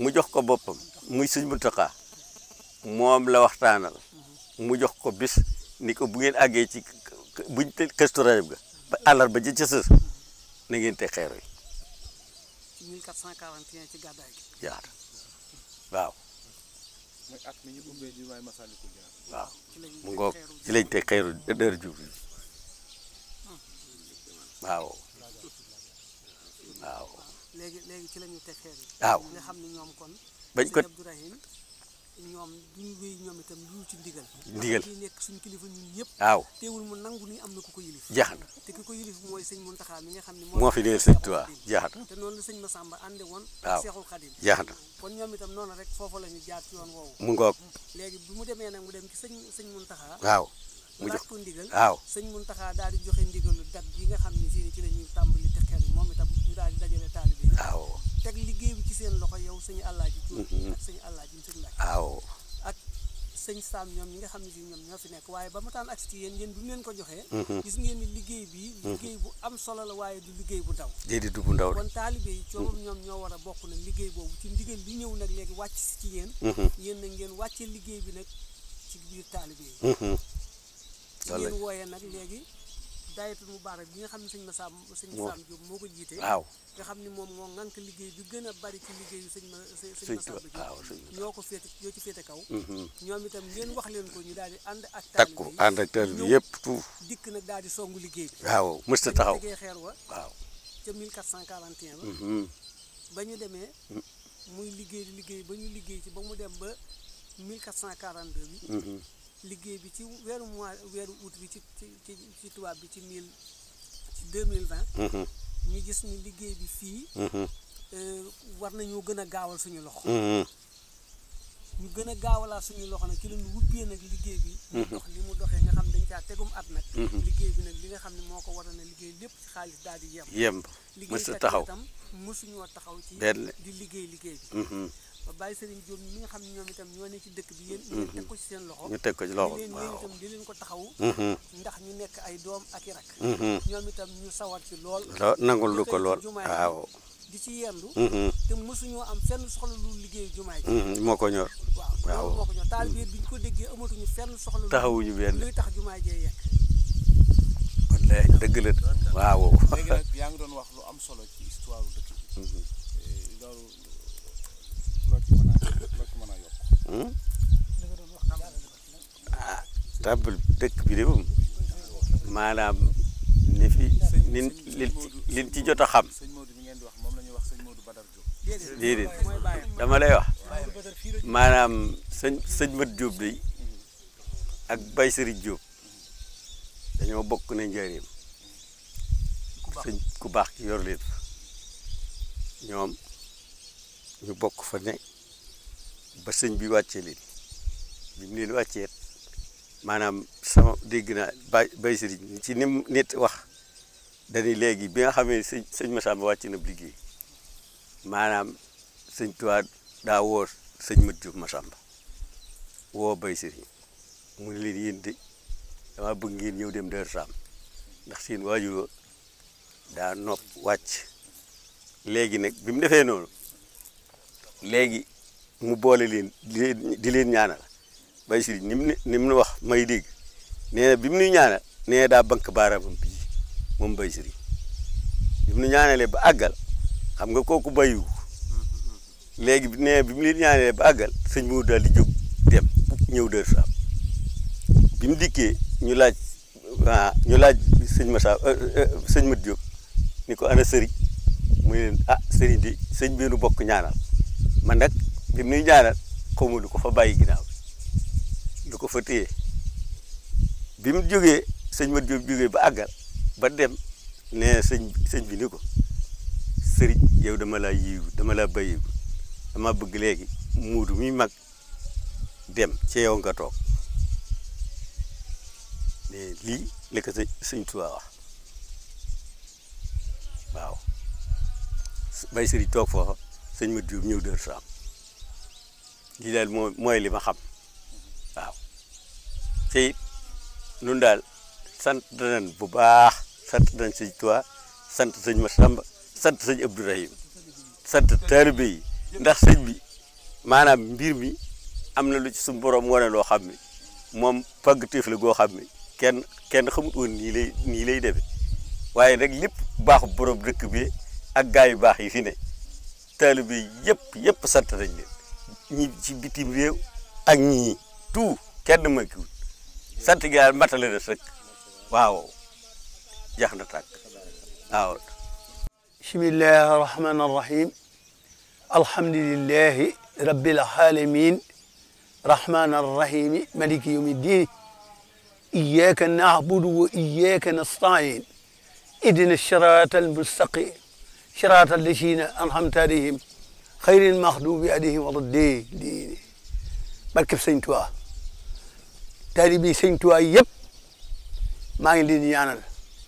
mu jox ko boppam muy sëñ Muntaxaa moom la waxtaanal mu jox ko bis ni ko bu ngeen àggee ci buñ te këstu rajab ga ba àllarba ji ca sës ngeen te xeer yi. ci 1441 ci gàddaay gi. jaar waaw. waay Masaalikul Jinaan waaw mu ngoog ci lañ teg xeeru dër jub waaw waaw léegi léegi ci lañu teg xeer yi waaw xam ne ñoom kon bañ ko ñoom duñu wéy ñoom itam lu ci ndigal ndigal ci nekk suñu kilifa ñun ñëpp waaw teewul mu nangu ni am na ko ko yilif jeex na te ko ko yilif mooy sëñ Muntaxa mi nga xam ne moo fi deel sëñ Tuubaa jeex na te noonu la sëñ Masamba ànde woon waaw Seexul Xadim jeex na kon ñoom itam noonu rek foofu la ñu jaar yoon woowu mu ngoog léegi bi mu demee nag mu dem ci sëñ sëñ taxaa waaw mu jox ko ndigal waaw sëñ Muntaxa daal di joxe ndigalu dat yi nga xam ne si ci la ñuy tàmbali texeer moom itam ñu daal di dajale bi aw teg liggéey bi ci seen loxo yow sëñ Alaaji Diouf mm-hmm. ak ji Alaaji Sëñ Mbacke waaw ak sëñ Sam ñoom ñi nga xam ne si ñoom ñoo fi nekk waaye ba mu taan agsi ci yéen yéen bu leen ko joxee mm-hmm. gis ngeen ni liggéey bi mm-hmm. bu am solo la waaye du liggéey bu ndaw déedéet du bu ndaw kon taalibe yi coobam ñoom ñoo war a bokk nag liggéey boobu ci ndigal bi ñëw nag léegi wàcc si ci yéen yéen nag ngeen wàcce liggéey bi nag ci biir taalibe yi ngeen wooyee nag léegi daayatul mubaarak bi nga xam ne sëñ Massam sëñ Massam Diop moo ko jiite waaw nga xam ni moom moo ngànk liggéey bi gën a bari ci liggéeyu sëñ ma sëñ Massam Diop ñoo ko féete ñoo ci féete kaw mm-hmm. ñoom itam ngeen wax leen ko ñu daal di ànd ak takku ànd ak taal bi yëpp tout dikk nag daal di songu liggéey bi waaw mësta taxaw tegee xeer wa waaw ca 1441 ba mm-hmm. ba ñu demee mm. muy liggéey liggéey ba ñu liggéey ci ba mu dem ba 1442 bi mm-hmm. liggéey bi ci weeru mois weeru août bi ci ci ci tubaab bi ci mille ci deux mille vingt. Mm-hmm. ñu gis ni liggéey bi fii. Mm-hmm. Euh, war nañoo gën a gaawal suñu loxo. Mm-hmm. ñu gën a gaawalaa suñu loxo nag ci la ñu wubbee nag liggéey bi. mu dox li mu doxee nga xam dañ caa tegum at nag. liggéey bi nag li nga xam ne moo ko war a na liggéey lépp ci xaalis daal di yem. yem mës a taxaw mu itam mësuñoo taxaw ci. di liggéey liggéey bi. ba bàyyi sëriñ Diop mi nga xam ne ñoom itam ñoo ne ci dëkk bi yéen mhm. ñu teg ko ci seen loxo ñu teg ko ci loxo waaw itam ko taxawu mhm. ndax ñu nekk ay doom ak i rak mhm. ñoom itam ñu sawar ci lool nangul ko lool waaw di ci yendu te mosuñoo am fenn soxla lu liggéey jumaa ji moo ko ñor waaw moo taal biir bi ñu ko déggee amatuñu fenn soxla taxawuñu benn luy tax jumaay jee yekk wallaay dëgg la waaw léegi nag yaa ngi doon wax lu am solo ci histoire dëkk bi eh, loolu Hmm? ah tàbbal dëkk bi de moom maanaam ni fi liñ liñ ci jot a xam déedéet dama lay wax maanaam sëñ sëñ Mat Diop de ak Baye Serigne Diop dañoo bokk na njëriñam sëñ ku baax ki yor leen ñoom ñu bokk fa ne. ba sëñ bi wàccee leen bi mu leen wàccee maanaam sama dégg naa bay ci ni nit wax dañuy léegi bi nga xamee sëñ sëñ Massamba wàcc na liggéey maanaam sëñ Tuubaa daa woo sëñ Mat Jóob Massamba woo bay sëriñ mu ne leen yéen dama bëgg ngeen ñëw dem Daaru Saam ndax seen waajur daa nopp wàcc léegi nag bi mu defee noonu mu boole leen di leen ñaanal bay si ni nim ni mu wax may dégg nee na bi mu nuy ñaanal nee na daa bank baaraamam bii moom bay si bi mu nu ñaanalee ba àggal xam nga kooku bayu léegi nee na bi mu leen ba àggal sëñ moo daal di jóg dem ñëw dër saam bi mu dikkee ñu laaj ah ñu laaj sëñ ma saa euh, euh, sëñ ma Diop ni ko ana sëriñ muy leen ah sëriñ di sëñ bi nu bokk ñaanal man li muy ñaanal xaw ma lu ko fa bàyyi ginnaaw lu ko fa téye bi mu jógee sëñ Mat Jóob jógee ba àggal ba dem nee sëñ sëñ bi ni ko sëriñ yow dama laa yiigu dama laa bàyyigu dama bëgg léegi muudu muy mag dem ci yow nga toog mais lii la ko sëñ Tuubaa wax waaw bay sëriñ toog foofa sëñ Mat Jóob ñëw dër saam lii daal moo mooy li ma xam waaw te it nun daal sant bu baax sant nañ sëñ Tuubaa sant sëñ Masamba sant sëñ Abdourahim sant taalibe yi ndax sëñ bi maanaam mbir mi am na lu ci suñu borom wane loo xam ni moom paggatéef la goo xam ni kenn kenn xamut woon nii lay nii lay demee waaye nag lépp baaxu borom dëkk bi ak gaa yu baax yi fi ne taalibe yi yëpp yëpp sant nañ ñi ci bitim réew ak ñii tout kenn ma kiwut sant gaal matale na sëkk waaw jax na tàkk waaw bismillahi rahmani rahim alhamdulillahi rabbil alamin rahmani rahim maliki yawmi ddin iyyaka na'budu wa iyyaka nasta'in ihdina sirata almustaqim sirata alladhina an'amta alayhim xayril maxdubi alayhim wala dee dee barkeb sëñ Tuubaa taalibi sëñ Tuubaa yëpp maa ngi leen di ñaanal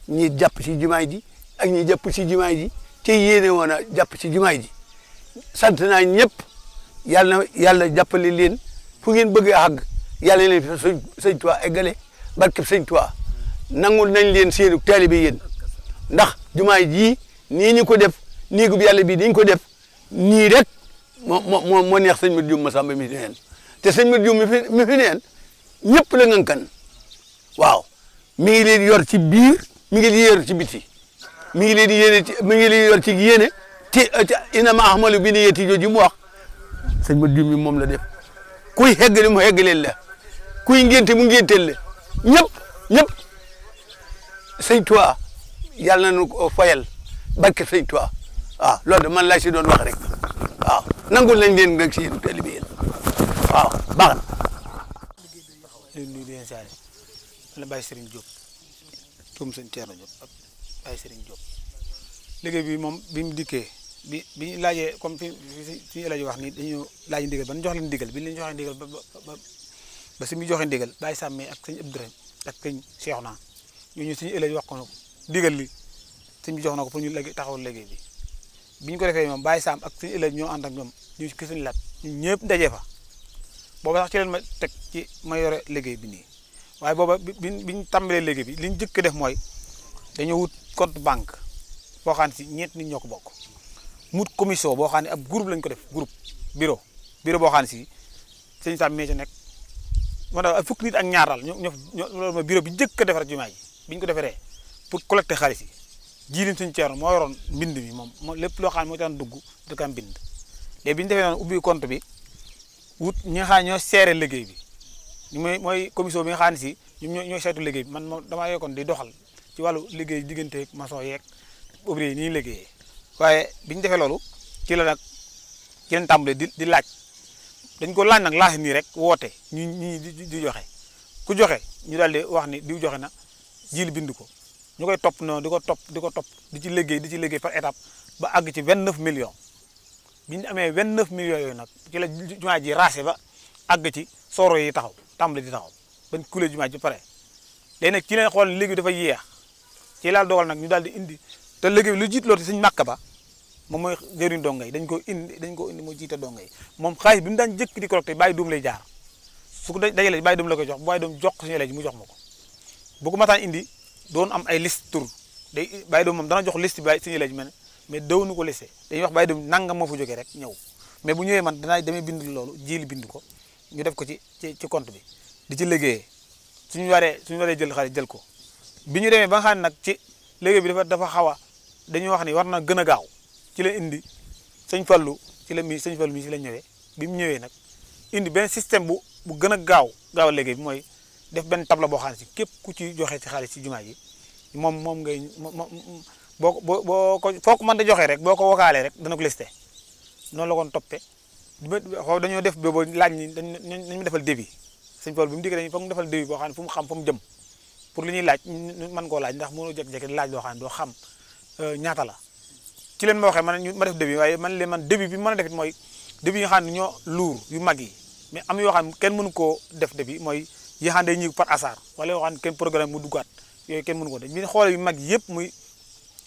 ñi jàpp ci jumaay ji ak ñi jàpp ci jumaay ji te yéene woon a jàpp ci jumaay ji sant naa ñëpp yàlla na yàlla jàppale leen fu ngeen bëgg a àgg yàlla leen fi sëñ sëñ Tuubaa eggale barkeb sëñ Tuubaa nangul nañ leen seenu taalibi yéen ndax jumaay jii nii ñu ko def néegub yàlla bii ni ko def nii rek moo moo moo neex sëñ Modou Diouf Massamba mi fi neen te sëñ Modou Diouf mi fi mi fi neen ñëpp la ngànkan waaw mi ngi leen yor ci biir mi ngi leen yor ci biti mi ngi leen di ci mi ngi leen yor ci yéene te inama ahmalu bi niyyati jooju mu wax sëñ Modou mi moom la def kuy heggali mu heggaleel la kuy ngénte mu ngénteel la ñëpp ñëpp sëñ Tuubaa yàlla na nu ko fayal barke sëñ waaw loolu de man laa si doon wax rek waaw nangul lañ leen rek si yéen tali bi yéen waaw baax na. leen nuyu di leen saare man la Baye Serigne Diop tuum sëñ Thierno Diop ak Baye Serigne Diop liggéey bi moom bi mu dikkee bi bi ñu laajee comme fi fi ñu laaj wax nii dañu laaj ndigal ba ñu jox leen ndigal bi ñu leen joxee ndigal ba ba ba si mu joxe ndigal Baye Sàmme ak sëñ Abdourahim ak sëñ Cheikh naa ñooñu suñu ëllëg wax ko ndigal li sëñ bi jox na ko pour ñu léegi taxawal liggéey bi. bi ñu ko defee moom bàyyi saam ak suñu ëllëg ñoo ànd ak ñoom ñu ki suñu laat ñu ñëpp dajee fa booba sax ci leen ma teg ci ma yore liggéey bi nii waaye booba bi bi ñu tàmbalee liggéey bi li ñu jëkk def mooy dañoo wut compte banque boo xam ne si ñeent nit ñoo ko bokk mut commission boo xam ne ab groupe lañ ko def groupe bureau bureau boo xam ne si sëñ Sam mee ci nekk moo nit ak ñaar ñoo ñoo loolu ma bureau bi njëkk a defar jumaa ji ko defaree pour collecter xaalis yi jiilim suñu ceerno moo yoroon mbind mi moom lépp loo xam ne moo daan dugg da ko mbind bi ñu defee noonu ubbi compte bi wut ñi nga ñoo seere liggéey bi ñu mooy mooy commission bi nga xam ne si ñoom ñoo ñoo seetu liggéey bi man moom damaa yokkoon di doxal ci wàllu liggéey diggante maçon yeeg ouvrier yi ni ñuy waaye bi ñu defee loolu ci la nag ci lañ di di laaj dañ ko laaj nag laaj nii rek woote ñu ñi di joxe ku joxe ñu daal di wax ni diw joxe na jiil bind ko ñu koy topp noo di ko topp di ko topp di ci liggéey di ci liggéey par étape ba àgg ci 29 millions bi ñu amee 29 millions yoo nag ci la jumaa ji raase ba àgg ci sooro yi taxaw tàmbali di taxaw bañ kulee jumaa ji pare léegi nag ci leen xool liggéey dafa yéex ci laal dogal nag ñu daal di indi te liggéey lu jiit loolu suñ màkk ba moom mooy jëriñ donga yi dañ ko indi dañ ko indi moo jiite donga yi moom xaalis bi mu daan jëkk di collecté bàyyi doom lay jaar su da dajalee bàyyi doom la koy jox bu bàyyi doom jox suñu eleji mu jox ma ko doon am ay liste tur day bàyyi doom moom dana jox liste bàyyi suñu laaj ma ne mais dawnu ko liste dañuy wax bàyyi doom nangam moo fa jógee rek ñëw mais bu ñëwee man danaa demee bindu loolu jiili bindu ko ñu def ko ci ci compte bi di ci liggéeyee suñu waree suñu waree jël xaalis jël ko bi ñu demee ba nga xam nag ci liggéey bi dafa dafa xaw a dañuy wax ni war na gën a gaaw ci la indi sëñ Fallou ci la mi sëñ Fallou mi ci la ñëwee bi mu ñëwee nag indi benn système bu bu gën a gaaw gaaw a liggéey bi mooy def benn tableau boo xam ne si képp ku ci joxe ci xaalis ci jumaa ji moom moom ngay boo boo boo ko foo ko mën da joxee rek boo ko wakaalee rek dana ko listé noonu la koon toppee xaw dañoo def boobu laaj ni dañu defal débit sëñ Paul bi mu diggee dañu mu defal débit boo xam ne fu mu xam fu mu jëm pour li laaj mën koo laaj ndax mënoo jékki-jékki di laaj loo xaan ne doo xam euh, ñaata la ci leen ma waxee man ma def débit waaye man leen man débit bi mën a defit mooy débit yi xam ne ñoo luur yu mag yi mais am yoo xam ne kenn mënu koo def débit mooy yi xam ne ñu par hasard wala yoo xam ne kenn programme mu duggaat yooyu kenn mënu ko def bi xoole yu mag yëpp muy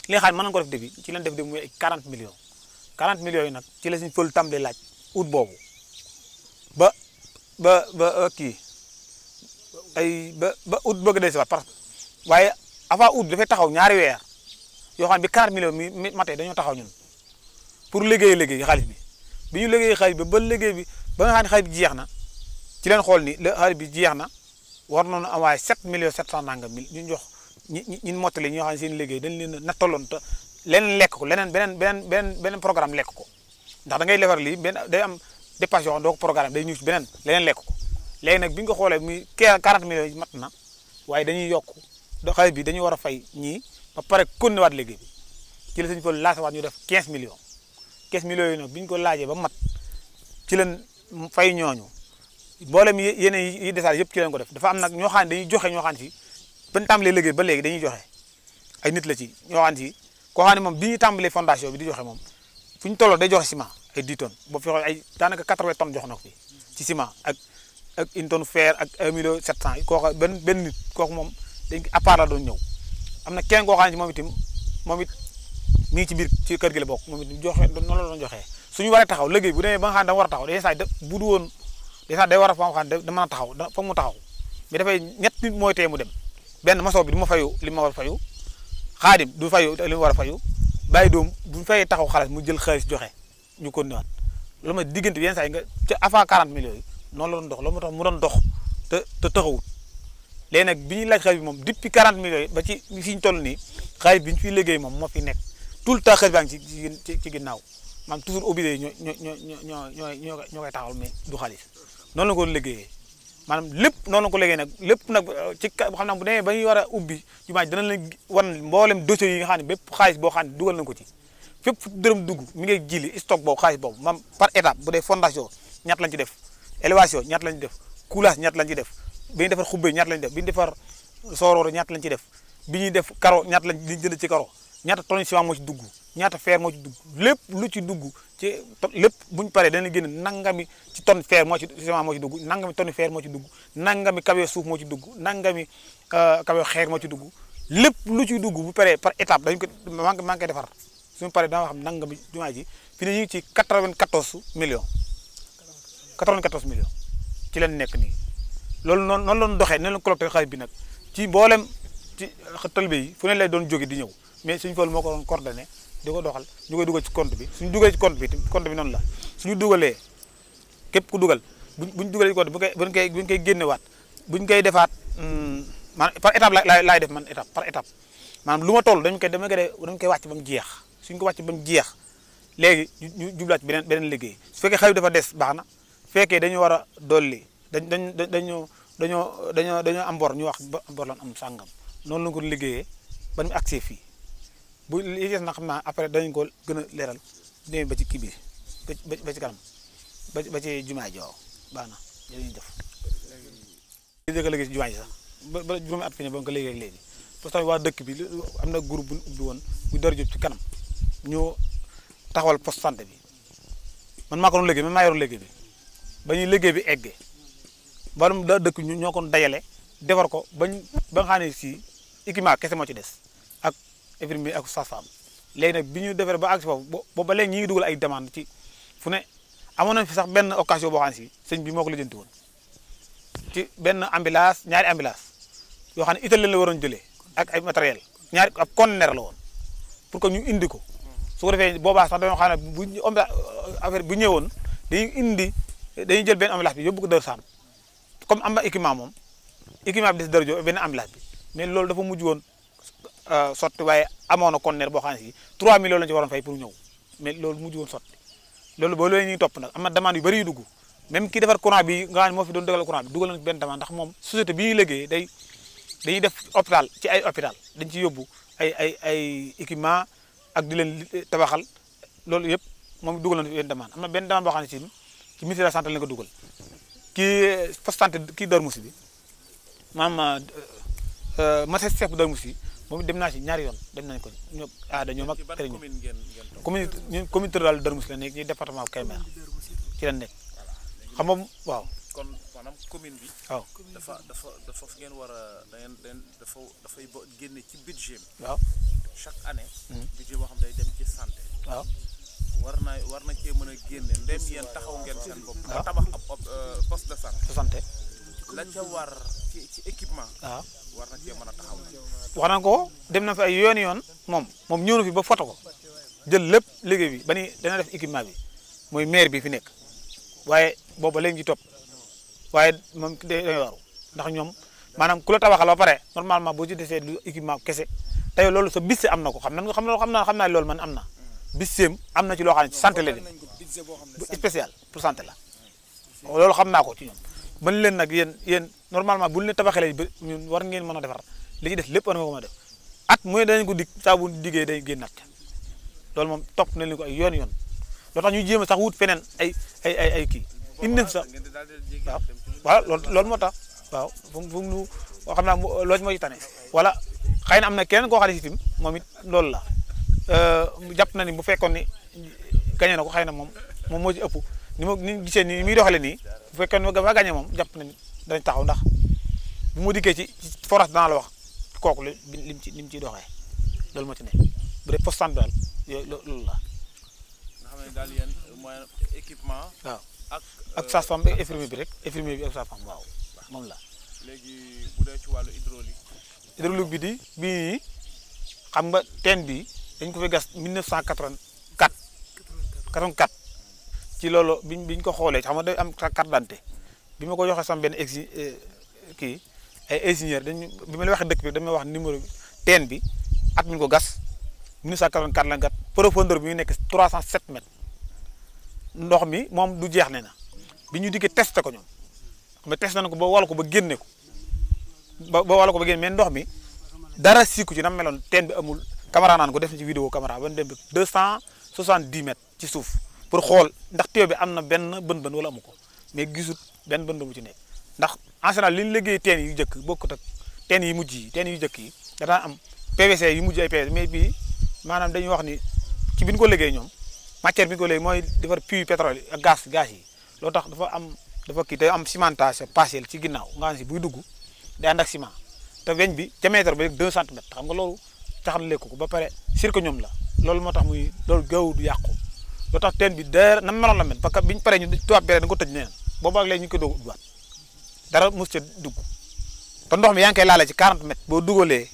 li nga xam ne mën ko def début ci leen def début muy ay 40 millions 40 millions yi nag ci la suñu fël tàmbalee laaj août boobu ba ba ba euh, ba ba août bëgg parce que waaye avant août dafay taxaw ñaari weer yoo xam ne bi 40 millions mi matee dañoo taxaw ñun pour liggéey liggéey xaalis bi bi ñu liggéey xaalis bi ba liggéey bi ba nga bi jeex na ci leen xool ni la bi jeex na war nañu a waaye 7 millions 700 nangam mille ñu jox ñi ñi ñi mottali ñoo xam ne seen liggéey dañ leen a nattaloon te leneen lekk ko leneen beneen beneen beneen beneen programme lekk ko ndax da ngay defar lii benn day am dépassé yoo programme day ñëw ci beneen leneen lekk ko léegi nag bi nga ko xoolee muy 40 millions mat na waaye dañuy yokk xale bi dañuy war a fay ñii ba pare konnewaat liggéey bi ci la sëñ Fall laasawaat ñu def 15 millions 15 millions yi nag bi ñu ko laajee ba mat ci leen fay ñooñu. mboolem yeneen yi desaat yëpp ci lañ ko def dafa am nag ñoo xam ne dañuy joxe ñoo xam si ban tàmbalee liggéey ba léegi dañuy ay nit la ci ñoo xam si koo xam ne moom bi ñuy tàmbalee fondation bi di joxe moom fu ñu tolloo day joxe ciment ay 10 tonnes boo fi xoolee ay daanaka na ko fi ci ciment ak ak une tonne yi kooku benn benn nit kooku moom dañ à part la na kenn koo xam ne si moom itam biir ci kër gi la bokk moom it joxe noonu la doon joxee suñu bu demee ba nga xam ne dama war a taxaw dañuy saay bu des fois day war a foo xam ne taxaw da fa mu taxaw mais dafay ñett nit mooy tee mu dem benn maçon bi du ma fayu li ma war a fayu xaadim du fayu li ma war a fayu bàyyi doom bu fayee taxaw xaalis mu jël xaalis joxe ñu ko néewaat loolu ma diggante yenn saa yi nga ca avant 40 millions yi noonu dox loolu moo tax mu doon dox te te taxawut léegi nag bi ñu laaj xaalis bi moom depuis 40 millions yi ba ci fi ñu toll nii xaalis bi ñu fiy liggéey moom moo fi nekk tout le temps xaalis baa ngi ci ci ginnaaw maanaam toujours obligé ñoo ñoo ñoo ñoo ñoo koy taxawal mais du xaalis noonu la ko liggéeyee maanaam lépp noonu ko liggéey nag lépp nag uh, ci xam naa bu demee ba ñuy war a ubbi jumaa ji dana la wan mboolem dossiers yi nga xam ne bépp xaalis boo xam ne dugal na ko ci fépp fu dërëm dugg mi ngay jili stock boobu xaalis boobu maam par étape bu dee fondation ñaat lañ ci def élévation ñaat lañ ci def coulage ñaat lañ ci def bi ñuy defar xubbe ñaat lañ ci def bi ñuy defar sooroor ñaat lañ ci def bi ñuy def karo ñaat lañ jënd ci karo ñaata tonne ciment moo ci dugg ñaata fer moo ci dugg lépp lu ci dugg ci lépp bu ñu paree dana génn nangami ci tonne fer moo ci ciment moo ci dugg nangami tonne fer moo ci dugg nangami kawe suuf moo ci dugg nangami euh, kawe xeer moo ci dugg lépp lu ci dugg bu paree par étape dañ ko manqué manqué defar suñu paree dama xam nangami jumaa ji fi ne ñu ngi ci 94 millions 94 millions ci leen nekk nii loolu noonu noonu loonu doxee ne leen collecté xaalis bi nag ci mboolem ci talibé yi fu ne lay doon jóge di ñëw mais suñu foolu moo ko doon coordonné di ko doxal ñu koy dugal ci compte bi suñu dugalee ci compte bi compte bi noonu la suñu dugalee képp ku dugal bu buñ dugalee ci compte bu buñ koy buñ koy génnewaat buñ koy defaat hmm, maanaam par étape laay laay def man étape par étape maanaam lu ma toll dañ koy dama koy dañ koy wàcc ba mu jeex suñ ko wàcc ba jeex léegi ñu jublaat beneen beneen liggéey su fekkee xaw dafa des baax na fekkee dañu war a dolli dañ dañ dañu dañoo dañoo dañoo am bor ñu wax bor lan am sàngam noonu la ko liggéeyee ba ñu agsi fii bu li des na xam naa après dañu ko gën a leeral demee ba ci kii bi ba ci kanam ba ci ba ci jumaa ji waaw baax na jërëjëf def li ji sax ba ba juróomi at fi ne ba nga ko léegi léegi parce waa dëkk bi am na groupe bu woon bu dara jot ci kanam ñu taxawal poste santé bi man maa ko doon liggéey man maa yoroon liggéey bi ba ñuy liggéey bi eggee wàllum daa dëkk ñu ñoo kon dajale defar ko bañ ba nga xam si équipement kese moo ci des infirmier ak sasam léegi nag bi ñu defere ba àgg si bo ba ba léegi ñi ngi dugal ay demande ci fu ne amoon nañ fi sax benn occasion boo xam ne si sëñ bi moo ko lijjanti woon ci benn ambulance ñaari ambulance yoo xam ne ital leen la waroon jëlee ak ay matériel ñaari ab conteneur la woon pour que ñu indi ko su ko defee boobaa sax dañoo xam ne bu affaire bu ñëwoon dañuy indi dañuy jël benn ambulance bi yóbbu ko Dër Sàmm comme am na équipement moom équipement bi des dër jo benn ambulance bi mais loolu dafa mujj woon Euh, sotti waaye amoon na conteneur boo xam ne si 3 millions lañ ci waroon fay pour ñëw mais loolu mujj woon sotti loolu ba loolu ñuy topp nag am na yu bëri yu dugg même ki defar courant bi nga xam ne moo fi doon dugal courant bi dugal nañ benn demande ndax ñuy def hôpital ci ay hôpital dañ ci yóbbu ay ay ay équipement ak di leen tabaxal loolu yëpp moom dugal nañ benn demande na benn demande boo xam ne si ci ministère de la santé lañ ko dugal kii euh, fas santé kii Darou bi maanaam ma chef bu Darou Moussi moom dem naa ci ñaari yoon dem nañ ko ñoom ah dañoo mag. kër ñu commune ñun commune rurale Darou Mousty la nekk ñu département Kaymer ci la nekk xam nga waaw. kon maanaam commune bi. waaw dafa dafa dafa fi ngeen war a da ngeen dafa dafay bo génne ci budget bi. waaw chaque année. Hmm. budget boo xam day dem ci santé. waaw war na war na cee mën a génne ndem yéen taxaw ngeen seen bopp. waaw tabax ab euh, poste de santé. la ca war ci équipement. Ah. waaw na cee mën a ko dem na fi ay yoon yoon moom moom ñëw fi ba foto ko jël lépp liggéey bi ba ni def équipement bi mooy maire bi fi nekk waaye booba léegi ci topp waaye moom day day waru ndax ñoom maanaam ku la tabaxal ba pare normalement boo ci desee lu équipement kese tey loolu sa bisse am na ko xam nan nga xam loolu xam naa xam naa loolu man am na bisseem am na ci loo xam ne ci santé la dem spécial pour santé la loolu xam naa ko ci ñoom. ba leen nag yéen yéen normalement bu ne la tabaxalee ba ñun war ngeen mën a defar li ci des lépp war nga ko mën a def at mooy danañ ko dig saa bu diggee day génnaat loolu moom topp nañ ko ay yoon yoon loo tax ñu jéem a sax wut feneen ay ay ay ay kii. indi sax waaw waaw loolu loolu moo tax waaw fu mu fu xam naa loo ci moo ci tane wala xëy na am na keneen koo xam ne si tim moom it loolu la euh, jàpp na ni bu fekkoon ni gañe na ko xëy na moom moom moo ci ëpp ni ma ni gisee ni muy doxalee nii. bu fekkee ne ma gagné moom jàpp nañ danañ taxaw ndax bu mu dikkee ci forage danaa la wax kooku li lim ci lim ciy doxee loolu moo ci ne bu dee poste santé daal yooyu loolu la. nga xam daal yéen mooy équipement. ak ak sage-femme bi bi rek infirmier bi ak sage-femme waaw moom la. léegi ci wàllu hydraulique. bi di bii xam nga teen bi dañ ko fi gas 1984. 84 ci loolu bi biñ ko xoolee xam nga day am carte d'identité bi ma ko joxee sama benn exi eh, kii ay ingénieur dañu bi ma la waxee dëkk bi dañu wax numéro teen bi at mi ko gas 1984 la gat profondeur bi ñu nekk 307 mètres ndox mi moom du jeex ne na bi ñu dikkee testé ko ñoom mais testé nañ ko ba wàllu ko ba génne ko ba ba wàllu ko ba génne mais ndox mi dara siiku ci na meloon teen bi amul caméra naan ko def na ci vidéo caméra ba dem ba 270 mètres ci suuf. pour xool ndax tuyau bi am na benn bën-bën wala amu ko mais gisut benn bën-bën bu ci nekk ndax en li ñu liggéey teen yu njëkk bokkut ak teen yi mujj yi teen yu njëkk yi danaa am PVC yu mujj ay PVC mais bii maanaam dañuy wax ni ci bi ko liggéey ñoom matière bi ñu ko liggéey mooy defar puits pétrole ak gas gaz yi loo tax dafa am dafa kii day am cimentation partielle ci ginnaaw nga si buy dugg day ànd ak ciment te weñ bi diamètre ba rek 2 centimètres xam nga loolu taxal lekk ko ba pare cirque ñoom la loolu moo tax muy loolu gaawul yàqu loo tax teen bi dara na meloon la mel parce que biñu paree ñu tubaab bi rek dañ ko tëj neen boobaag léegi ñu ko doog ubbiwaat dara mos ca dugg te ndox mi yaa ngi koy laale ci 40 mètres boo dugalee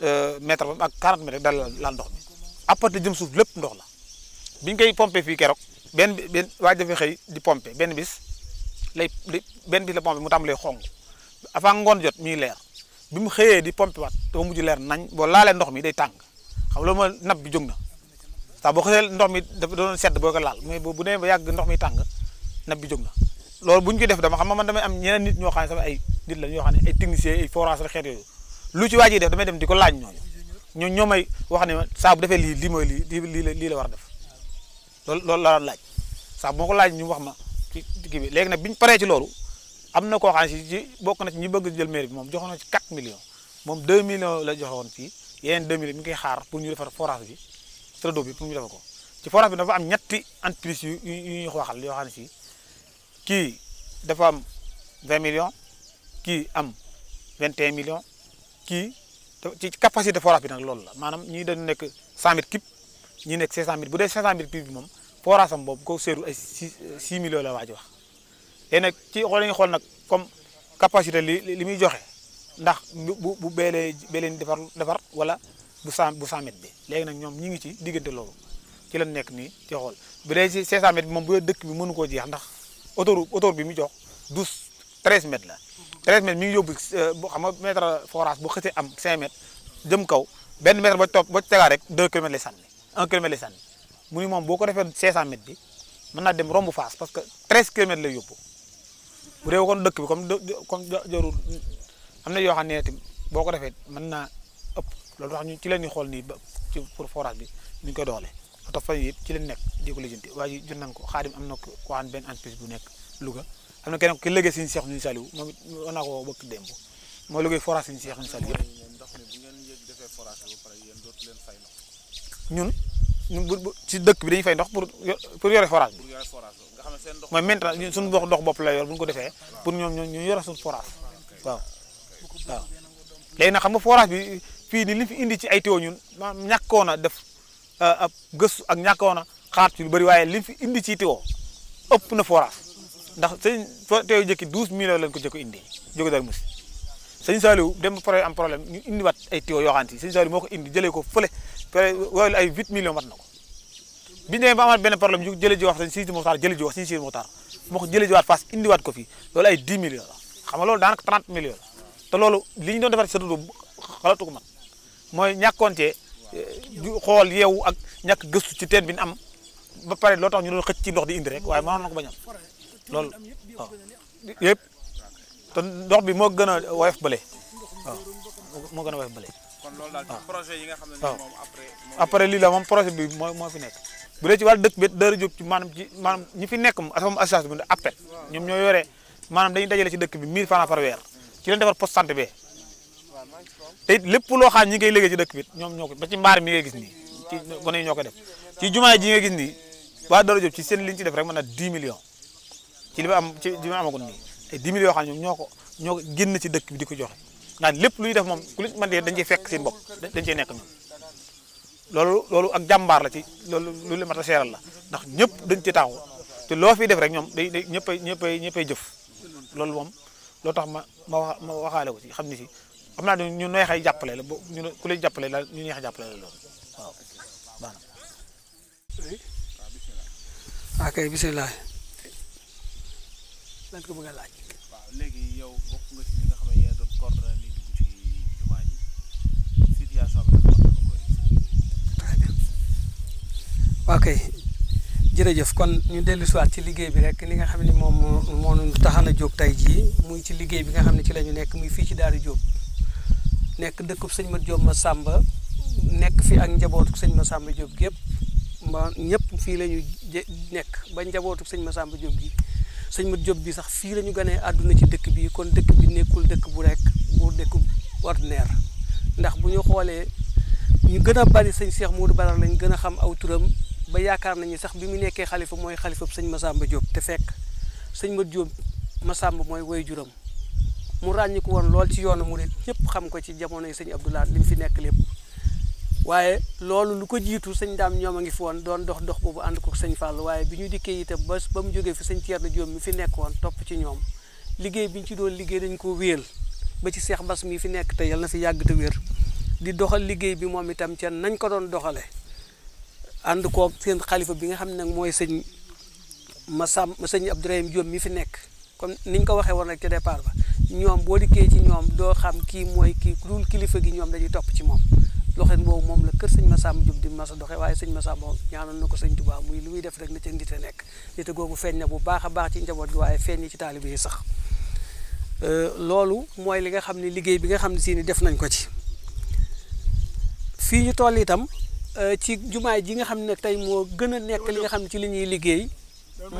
euh, mètre ba ak 40 mètres dal laal ndox mi apporté jëm suuf lépp ndox la biñ koy pompé fii keroog benn benn waa jafe xëy di pompé benn bis lay benn bis la pompé mu tàmbalee xong avant ngoon jot mi leer bi mu xëyee di pompé waat dafa mujj leer nañ boo laalee ndox mi day tàng xam loolu mooy napp bi jóg na saa boo xasee ndox mi dafa doon sedd boo ko laal mais bu bu nee mi tàng nab bi loolu bu ñu koy def dama xam ma man damay am ñeneen nit ñoo xam ne sama ay nit la ne ay techniciens ay forage ak xeet yooyu lu ci damay dem di ko laaj ñooñu ñoo ñoo may wax ne saa bu defee lii lii mooy lii lii la lii la war a def loolu loolu la laaj saa moo ko laaj ñu wax ma ki kii bi léegi nag bi ñu paree ci loolu am na koo xam ne ci bokk na ci ñi bëgg jël mairie bi moom joxoon na ci million moom 2 millions la joxoon ci yeneen 2 millions mi ngi xaar pour ñu defar forage bi trédo bi pour ñu defe ko ci forage dafa am ñetti entreprise yu yu ñu waxal yoo xam ne si kii dafa am 20 millions kii am 21 millions kii te capacité forage bi nag loolu la maanaam ñii dañu nekk 100 mètres cube ñii nekk 500 mètres bu dee 500 mètres cube bi moom forage am boobu ko seeru ay 6 si millions la waa ji wax léegi nag ci xool xool nag comme capacité li li muy joxe ndax bu bu bu beelee bee leen defar defar wala bu cent bu bi léegi nag ñoom ñi ngi ci diggante loolu ci la nekk nii ci xool bu dee ci 500 mètres bi moom bu dee dëkk bi mënu koo jeex ndax autoroute autoroute bi mu jox 12 13 mètres la 13 mètres mi ngi yóbbu boo euh, xam nga mètre forage bu xësee am 5 mètres jëm kaw benn mètre ba topp ba tegaat rek 2 kilomètres lay sànni 1 kilomètre lay sànni mu ni moom boo ko defee 500 mètres bi mën naa dem romb Fass parce que 13 kilomètres lay yóbbu bu dee kon dëkk bi comme comme am na yoo xam ne tamit boo ko defee mën naa ëpp loolu tax ñu ci la ñuy xool nii ba ci pour forage bi ñu koy doxalee moo tax fan yëpp ci lañ nekk di ko lijjanti waa ji jot ñun ñun bu ci dëkk bi dañuy fay ndox pour pour yore forage bi mooy maintenant ñun suñu ndox bopp la yor bu ñu defee pour ñoom ñoo ñu yore suñu forage ah, waaw waaw nag xam nga forage bi fii nii li fi indi ci ay tuyaux ñun maanaam ñàkkoon a def ab ak ñàkkoon a xaar ci lu bëri waaye li indi ci tuyaux ëpp na forage ndax sëñ tuyaux yu jëkki 12 millions lañ ko jëkk indi jóge dal mus sëñ Saliou dem problème am problème ñu indiwaat ay tuyaux yoo xam ne sëñ Saliou moo ko indi jëlee ko fële wala ay 8 millions mat na ko biñu demee ba amaat benn problème ñu jëlee ji wax sëñ Sidi Mokhtar jëlee ji wax sëñ moo ko jëlee ji waat Fass indiwaat ko fii loolu ay 10 millions la xam nga loolu daanaka 30 millions la li ñu doon defar ci sa mooy ñàkkoonte eh, xool yeewu ak ñàkk gëstu ci teen bi ñu am ba pare loo tax ñu doon xëcc ci ndox di indi rek waaye mënoon na ko bañ am loolu waaw yëpp te ndox bi moo gën a woyof bële waaw moo gën a woyof bële waaw waaw après lii la moom projet bi moo moo fi nekk bu dee ci wàllu dëkk bi dara jóg ci maanaam ci maanaam ñi fi nekk moom association bi appel ñoom ñoo yore maanaam dañuy dajale ci dëkk bi 1000 francs par weer ci leen defar poste santé be te it lépp loo xam ñi ngi koy liggéey ñoom ñoo ko ba ci ko def ci jumaa ji nga gis nii waa Darou Diop ci seen li ñu def rek mën na 10 millions ci li ma am ci li ma yoo xam ñoom ñoo ko ñoo ko génn ci dëkk bi di ko joxe naan lépp luy def moom ma li man dee dañ si fekk seen bopp dañ ciy nekk ñoom loolu loolu ak jàmbaar la ci loolu lu li mat a seeral la ndax ñëpp dañ ci taxaw te loo fi def rek ñoom day day ñëppay ñëppay ñëppay jëf loolu moom loo tax ma ma wax ma waxaale ko ci xam si xam naa ñu neex a la ba ñu jàppale la ñu neex jàppale la loolu ok ah, bisimilah. lan léegi yow nga ci ñi nga jërëjëf kon ñu dellu si ci liggéey bi rek li nga xam ne moom moo moo taxan a jóg tey jii muy ci liggéey bi nga xam ne ci la ñu nekk muy fii ci Daaru Jóob nekk dëkkub sëñ ma Jóob ma Sàmba nekk fi ak njabootu sëñ ma Sàmba Jóob gépp ma ñëpp fii la nekk ba njabootu sëñ ma Sàmba Jóob gi sëñ ma Jóob bi sax fii lañu ñu ganee àdduna ci dëkk bi kon dëkk bi nekkul dëkk bu rek bu dëkk ordinaire ndax bu ñu xoolee ñu gën a bari sëñ Cheikh Modou Barar lañ gën a xam aw turam ba yaakaar nañu sax bi mu nekkee xalifa mooy xalifab sëñ Masamba jóob te fekk sëñ ma Diop Masamba mooy woy juróom mu ràññiku woon lool ci yoonu murit ñëpp xam ko ci jamono yi sëñ Abdoulaye li mu fi nekk lépp waaye loolu lu ko jiitu sëñ daam ñoom a ngi fi woon doon dox dox boobu ànd ko sëñ fàll waaye bi ñu dikkee itam ba ba mu jógee fi sëñ Thierno Diop mi fi nekk woon ci ñoom liggéey bi ñu ci doon liggéey dañ ko wéel ba ci Cheikh Bass mi fi nekk te yal na fi yàgg te wér di doxal liggéey bi moom itam ca nañ ko doon doxale ànd koog seen xalifa bi nga xam ne nag mooy sëñ Massam sëñ Abdourahim Diop mi fi nekk comme niñ ko waxee woon rek ca départ ba ñoom boo dikkee ci ñoom doo xam kii mooy kii dul kilifa gi ñoom dañuy topp ci moom doxin boobu moom la kër sëñ Massamba Diop di masa doxe waaye sëñ Massamba ñaanoon na ko sëñ Tuubaa muy lu muy def rek na ca nite nekk nite googu feeñ na bu baax baax ci njaboot gi waaye feeñ ci taalibe yi sax euh, loolu mooy li nga xam ne liggéey bi nga xam ne si ni def nañ ko ci fii ñu toll itam euh, ci jumaay ji nga xam ne tey moo gën a nekk li nga xam ne ci li ñuy liggéey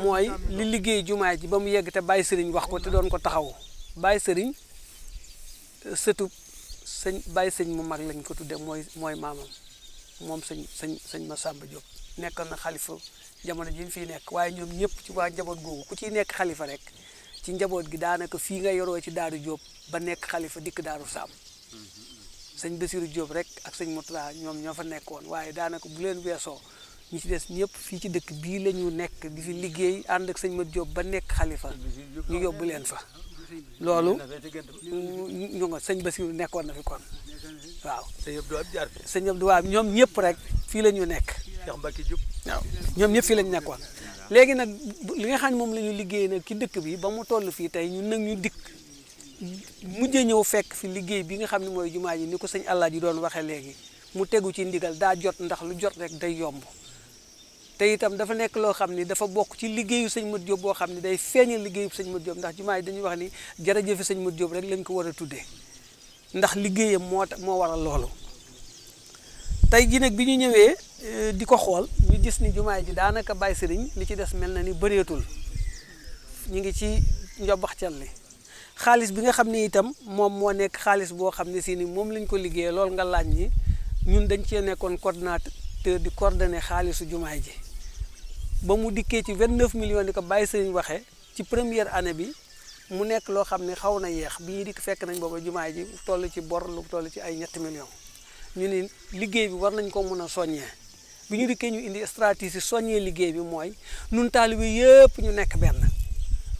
mooy li liggéey jumaay ji ba mu yegg te bàyyi sëriñ wax ko te doon ko taxaw Baye sëriñ sëtub sëñ Baye sëñ mu mag lañ ko tudde mooy mooy maamam moom sëñ sëñ sëñ Massamba Diop nekkoon na xalifa jamono ji ñu fiy nekk waaye ñoom ñëpp ci waa njaboot googu ku ciy nekk xalifa rek ci njaboot gi daanaka fii nga yoroo ci Daaru Diop ba nekk xalifa dikk Daaru Saam sëñ Basiru Diop rek ak sëñ Moutala ñoom ñoo fa nekkoon waaye daanaka bu leen weesoo ñi ci des ñëpp fii ci dëkk bii la nekk di fi liggéey ànd ak sëñ Mat ba nekk xalifa ñu yóbbu leen fa loolu ñu nga sëñ Basiru nekkoon na fi kon waaw sëñ Abdou Wahab ñoom ñëpp rek fii la ñu nekk waaw ñoom ñëpp fii lañu nekkoon léegi nag li nga xam ne moom la liggéey nag ki dëkk bi ba mu toll fii tey ñu nag ñu dikk mujj ñëw fekk fi liggéey bi nga xam ne mooy jumaa ji ni ko sëñ Alla ji doon waxee léegi mu tegu ci ndigal daa jot ndax lu jot rek day yomb te itam dafa nekk loo xam ni dafa bokk ci liggéeyu sëñ mat Diop boo xam ne day feeñal liggéeyu sëñ Modou Diop ndax jumaa yi dañuy wax ni jërëjëf sëñ mat Diop rek lañ ko war a tuddee ndax liggéeyam moo tax moo waral loolu tey ji nag bi ñu ñëwee eh, di ko xool ñu gis ni jumaay ji daanaka bàyyi sëriñ li ci des mel na ni bëreetul ñu ngi ci njobax cal li xaalis bi nga xam ne itam moom moo nekk xaalis boo xam ne si ni moom lañ ko liggéeye lool nga laaj ñi ñun dañ cee nekkoon coordinateur di coordonné xaalisu jumaay ji ba mu dikkee ci 29 millions di ko bàyyi sëriñ waxee ci première année bi mu nekk loo xam ne xaw na yeex bi ñuy dikk fekk nañ booba jumaa ji toll ci bor lu toll ci ay ñetti million ñu ne liggéey bi war nañ ko mën a soññee bi ñu dikkee ñu indi stratégie soññee liggéey bi mooy nun taalibe yëpp ñu nekk benn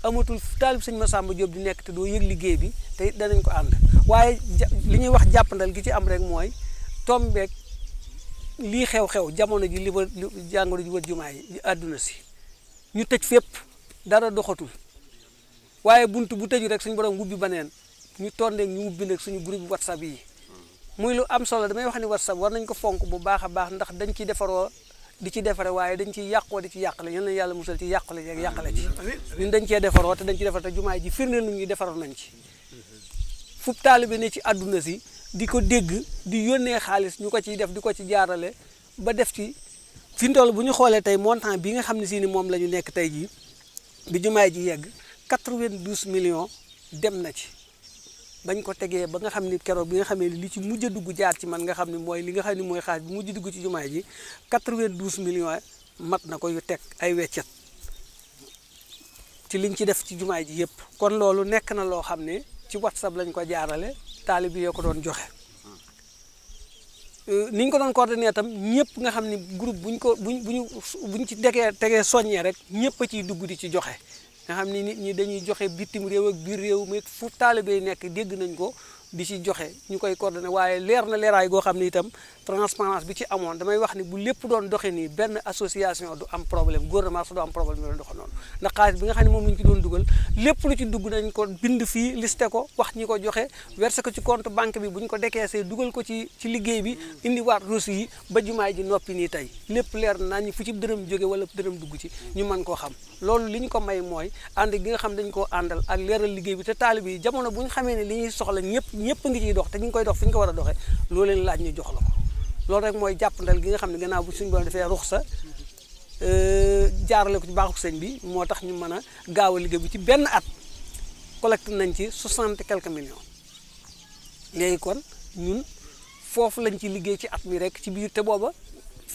amatul taalib ma Massamba Diop di nekk te doo yëg liggéey bi te danañ ko ànd waaye li ñuy wax jàpp jàppandal gi ci am rek mooy tombeek lii xew-xew jamono ji li wër jàngoro ji wat jumaa yi àdduna si ñu tëj fépp dara doxatul waaye bunt bu tëju rek suñu borom wubbi baneen ñu toondeeg ñu wubbi nag suñu groupe whatsapp yi muy lu am solo damay wax ni whatsapp war nañ ko fonk bu baax a baax ndax dañ ciy defaroo di ci defare waaye dañ ciy yàqoo di ci yàqale yéen lañ yàlla musal ci yàqale yeeg yàqale ci ñun dañ cee defaroo te dañ ci defar te jumaa ji firnde lu ñuy defaroon nañ ci fub taalibe ne ci àdduna si di ko dégg di yónnee xaalis ñu ko ciy def di ko ci jaarale ba def ci fi mu toll bu ñu xoolee tey montant bi nga xam ne si ni moom la ñu nekk tey jii bi jumaay ji yegg 92 millions dem na ci bañ ko tegee ba nga xam ni keroog bi nga xamee li ci mujj dugg jaar ci man nga xam ne mooy li nga xam ne mooy xaalis bi mujj dugg ci jumaay ji 92 millions mat na ko yu teg ay weccet ci liñ ci def ci jumaay ji yëpp kon loolu nekk na loo xam ne. ci whatsapp lañ ko jaarale taalibe yoo ko doon joxe euh, ni ñu ko doon coordonné tam ñëpp nga xam ni groupe bu ñu ko bu ñu bu ñu ci degee tegee soññee rek ñëpp a ciy dugg di ci joxe nga xam ni nit ñi dañuy joxe bitim réew ak biir réew mi fu taalibe yi nekk dégg nañ ko di ci joxe ñu koy coordonné waaye leer na leeraay goo xam ne itam transparence bi ci amoon damay wax ni bu lépp doon doxe nii benn association du am problème gouvernement su am problème ñu doon doxe noonu ndax xaalis bi nga xam ne moom la ñu ci doon lu ci dugg nañ ko bind fii listé ko wax ñi ko joxe versé ko ci compte banque bi bu ñu ko décaissé dugal ko ci ci liggéey bi indi waat yi ba jumaay ji noppi nii tey lépp leer na ñu fu ci dërëm jóge wala dërëm dugg ci ñu mën koo xam loolu li ñu ko may mooy ànd gi nga xam dañ koo àndal ak leeral liggéey bi te taalibe yi jamono bu ñu xamee ne li ñuy soxla ñëpp ñëpp ngi ciy dox te ñu ngi koy dox fi ñu ko war a doxee loo leen laaj ñu jox la ko loolu rek mooy jàppandal gi nga xam ne gannaaw bu suñu borom defee ruxsa euh, jaarale ko baaxu sëñ bi moo tax ñu mën a gaaw a liggéey bi ci benn at collecte nañ ci soixante quelques millions léegi kon ñun foofu lañ ci liggéey ci at mi rek ci biir te booba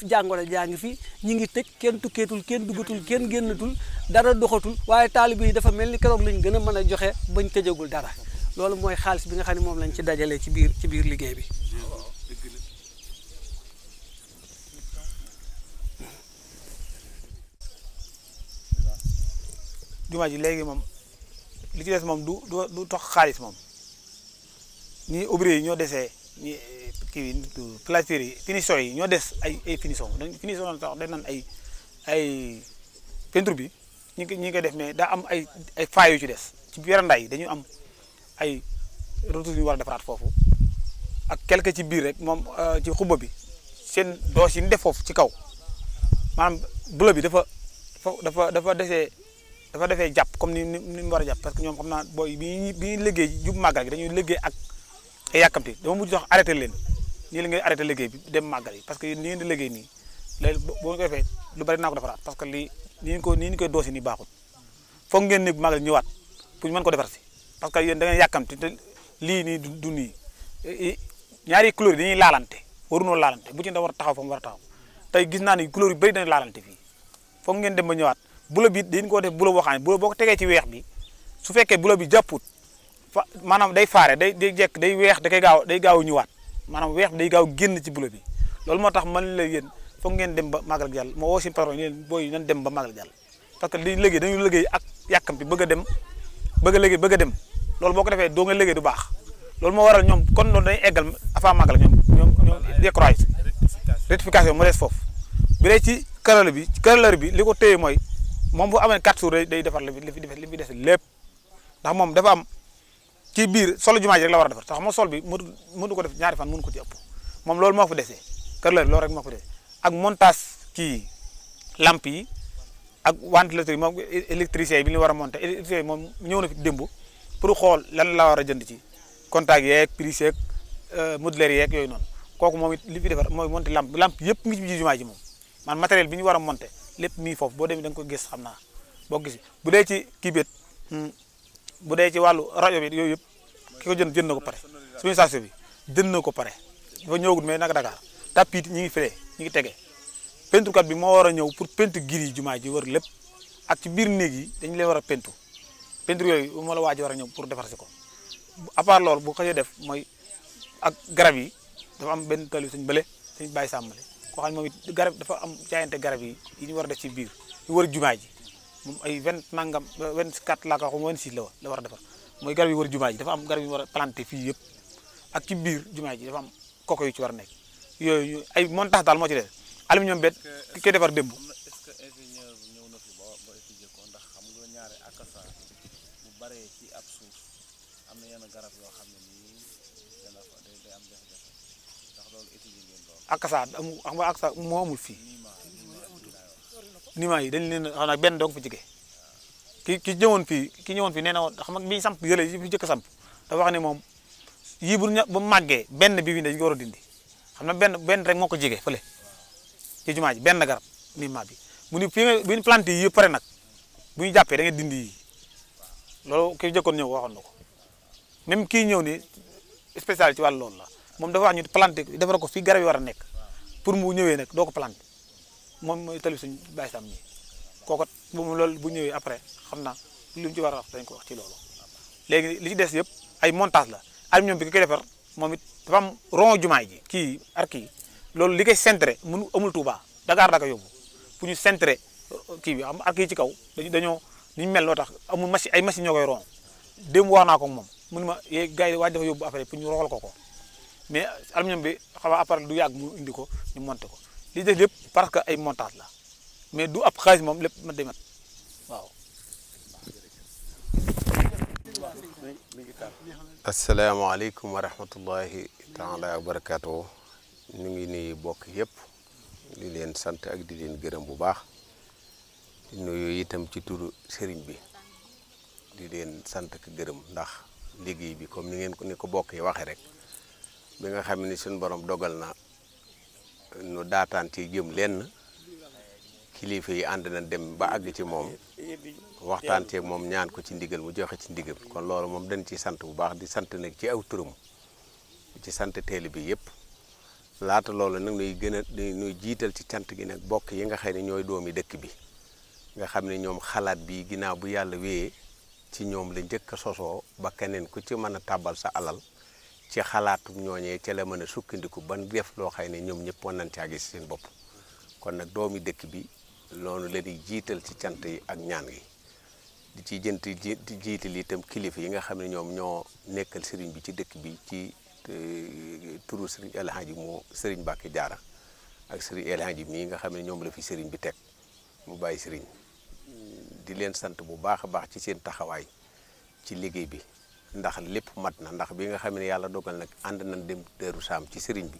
jàngoro jaa ngi fi ñu ngi tëj kenn tukkeetul kenn duggatul kenn génnatul dara doxatul waaye taalibe yi dafa mel ni keroog lañ gën a mën a joxe bañ tëjagul dara loolu mooy xaalis bi nga xam ne moom lañ ci dajalee ci biir ci biir liggéey bi jumaa ji léegi moom li ci des moom du du tox xaalis moom ni ouvrier yi ñoo desee kii plâtrier yi finition yi ñoo des ay ay finition dañ finition tax dañ naan ay ay peinture bi ñi ngi ñi ngi def mais daa am ay ay faay yu ci des ci werandaay yi dañu am ay retours yu war a defaraat foofu ak quelque ci biir rek moom euh, ci xubba bi seen doos yi ñu def ci kaw maanaam bulo bi dafa dafa dafa desee dafa defee jàpp comme ni ni mu que ñoom xam naa booy bi bi ñuy liggéey jub màggal gi dañuy liggéey ak ay yàkkamti dama mujj wax leen nii la ngay arrêté bi dem màggal yi parce que ni ngeen di liggéey nii léegi boo lu bari naa ko defaraat parce que lii nii ñu ko nii ñu koy doosi nii baaxul foog ngeen ne màggal ñëwaat pour mën ko defar si parce que yéen da ngeen yàkkamti lii nii du du nii ñaari couleur yi dañuy laalante waruñoo laalante bu ci da war taxaw fa war a taxaw tey gis naa ni couleur yu bëri dañuy laalante fii foog ngeen dem ba ñëwaat bula bi dañ ko def bula boo xam ne boo ko tegee ci weex bi su fekkee bula bi jàpput fa maanaam day faare day day jekk day weex da koy gaaw day gaaw ñëwaat maanaam weex day gaaw génn ci bula bi loolu moo tax man la yéen foog ngeen dem ba magal jàll moo woo si patron leen booy nan dem ba magal jàll parce que dañu liggéey dañu liggéey ak yàkkamti bëgg a dem bëgg léegi bëgg dem loolu boo ko defee doo nga léegi du baax loolu moo waral ñoom kon loolu dañuy eggal avant màggal ñoom ñoom ñoom décroise rectification mu des foofu bi dee ci kërala bi këraleur bi li ko téye mooy moom bu amee quatre jours day defar li fi li fi des lépp ndax moom dafa am ci biir solo jumaa ji la war a defar tax ma sol bi mënu mënu ko def ñaari fan mënu ko ci ëpp moom loolu moo fa desee këraleur loolu rek moo fa desee ak montage kii lamp yi ak ventilateur yi moom électricien yi bi ñu war a monter électricien yi moom ñëw na fi démb pour xool lan la war a jënd ci contact yeeg prise yeeg euh, modulaire yeeg yooyu noonu kooku moom it li fi defar mooy monter lampe lampe yëpp mi ngi ci jumaa ji moom man matériel bi ñu war a monter lépp mi foofu boo demee da nga ko gis xam naa boo gis bu dee ci kii bi hmm, bu dee ci wàllu rajo bi yooyu yëpp ki ko jënd jënd na ko pare suñu station bi jënd na ko pare dafa ñëwagul mais nag Dakar tapis ñi ngi fële ñi ngi tege pentukat bi moo war a ñëw pour pentu gir yi jumaa ji war lépp ak ci biir néeg yi dañu leen war a pentu pentu yooyu moo la waa ji war a ñëw pour defar si ko à part loolu bu xëyee def mooy ak garab yi dafa am benn tool yu suñ bële suñ bàyyi sàmmale xam ne it garab dafa am jaayante garab yi yi ñu war a def ci biir yu jumaa ji moom ay vingt nangam vingt quatre laa ko wax vingt six la war a defar mooy garab yi wër jumaa ji dafa am garab yi war a planté fii yëpp ak ci biir jumaa ji dafa am koko yu ci war a nekk yooyu ay montax daal moo ci def aluminium beet ki koy defar démb. akasa amul xam nga akasa moo amul fii niimaa yi dañ leen a xanaa benn doog fa jege ki ki ñëwoon fii ki ñëwoon fii nee na woon xam nga bi ñu samp yële yi fi jëkk samp dafa wax ne moom yii bu ñu ba màggee benn bi bi dañ ko war a dindi xam na benn benn rek moo ko jege fële. ci jumaa benn garab niimaa bi bu ñu bu ñu planté yi yëpp pare nag bu ñu jàppee da nga dindi yi loolu ki jëkkoon ñëw waxoon na ko même kii ñëw ni spécial ci wàllu loolu la moom dafa wax ñu planté defar ko fii garab yi war a nekk pour mu ñëwee nag doo ko planté moom mooy tali suñu bàyyi sam nii kooku lool bu ñëwee après xam na li mu ci war a wax dañ ko wax ci loolu léegi li ci des yëpp ay montage la ak bi ki koy defar moom it dafa am jumaay ji kii ar kii loolu li koy centré mënu amul Touba Dakar la ko yóbbu pour ñu centré euh, kii bi am ak yi ci kaw dañu dañoo ni mel loo tax amul machine ay machine ñoo koy ron démb wax naa ko moom mun ma yeeg eh, gars yi waaj dafa yóbbu affaire pour ñu roxal ko ko mais aluminium bi xaw a appareil du yàgg mu indi ko ñu monté ko li des parce que ay montage la mais du ab xaalis moom lépp ma demat waaw. asalaamaaleykum wa ñu ngi nii bokk yépp di leen sant ak di leen gërëm bu baax nuyu itam ci turu sëriñ bi di leen sant ak gërëm ndax ndiggéey bi comme ni ngeen ko ni bokk yi waxee rek bi nga xam ni suñu borom dogal na nu daataan ci jëm lenn kilifa yi ànd na dem ba àgg ci moom waxtaan ceeg moom ñaan ko ci ndigal mu joxe ci ndigal kon loolu moom dañ ci sant bu baax di sant nag ci aw turam ci sant teel bi yëpp. laata loolu nag nuy gën a jiital ci cant gi nag bokk yi nga xay ne ñooy doomi dëkk bi nga xam ne ñoom xalaat bi ginnaaw bu yàlla wéyee ci ñoom la njëkk a sosoo ba keneen ku ci mën a tàbbal sa alal ci xalaatum ñooñee ca la mën a sukkandiku ban def loo xay ne ñoom ñëpp mën nañ caa gis seen bopp kon nag doomi dëkk bi loolu la di jiital ci cant yi ak ñaan gi di ci jënt di jiital itam kilifa yi nga xam ne ñoom ñoo nekkal sëriñ bi ci dëkk bi ci turu sëriñ El mu sëriñ Mbacke jaara ak sëriñ El Hadji mii nga xam ne ñoom la fi sëriñ bi teg mu bàyyi sëriñ di leen sant bu baax a baax ci seen taxawaay ci liggéey bi ndax lépp mat na ndax bi nga xam ne yàlla dogal nag ànd nañ dem Daaru Saam ci sëriñ bi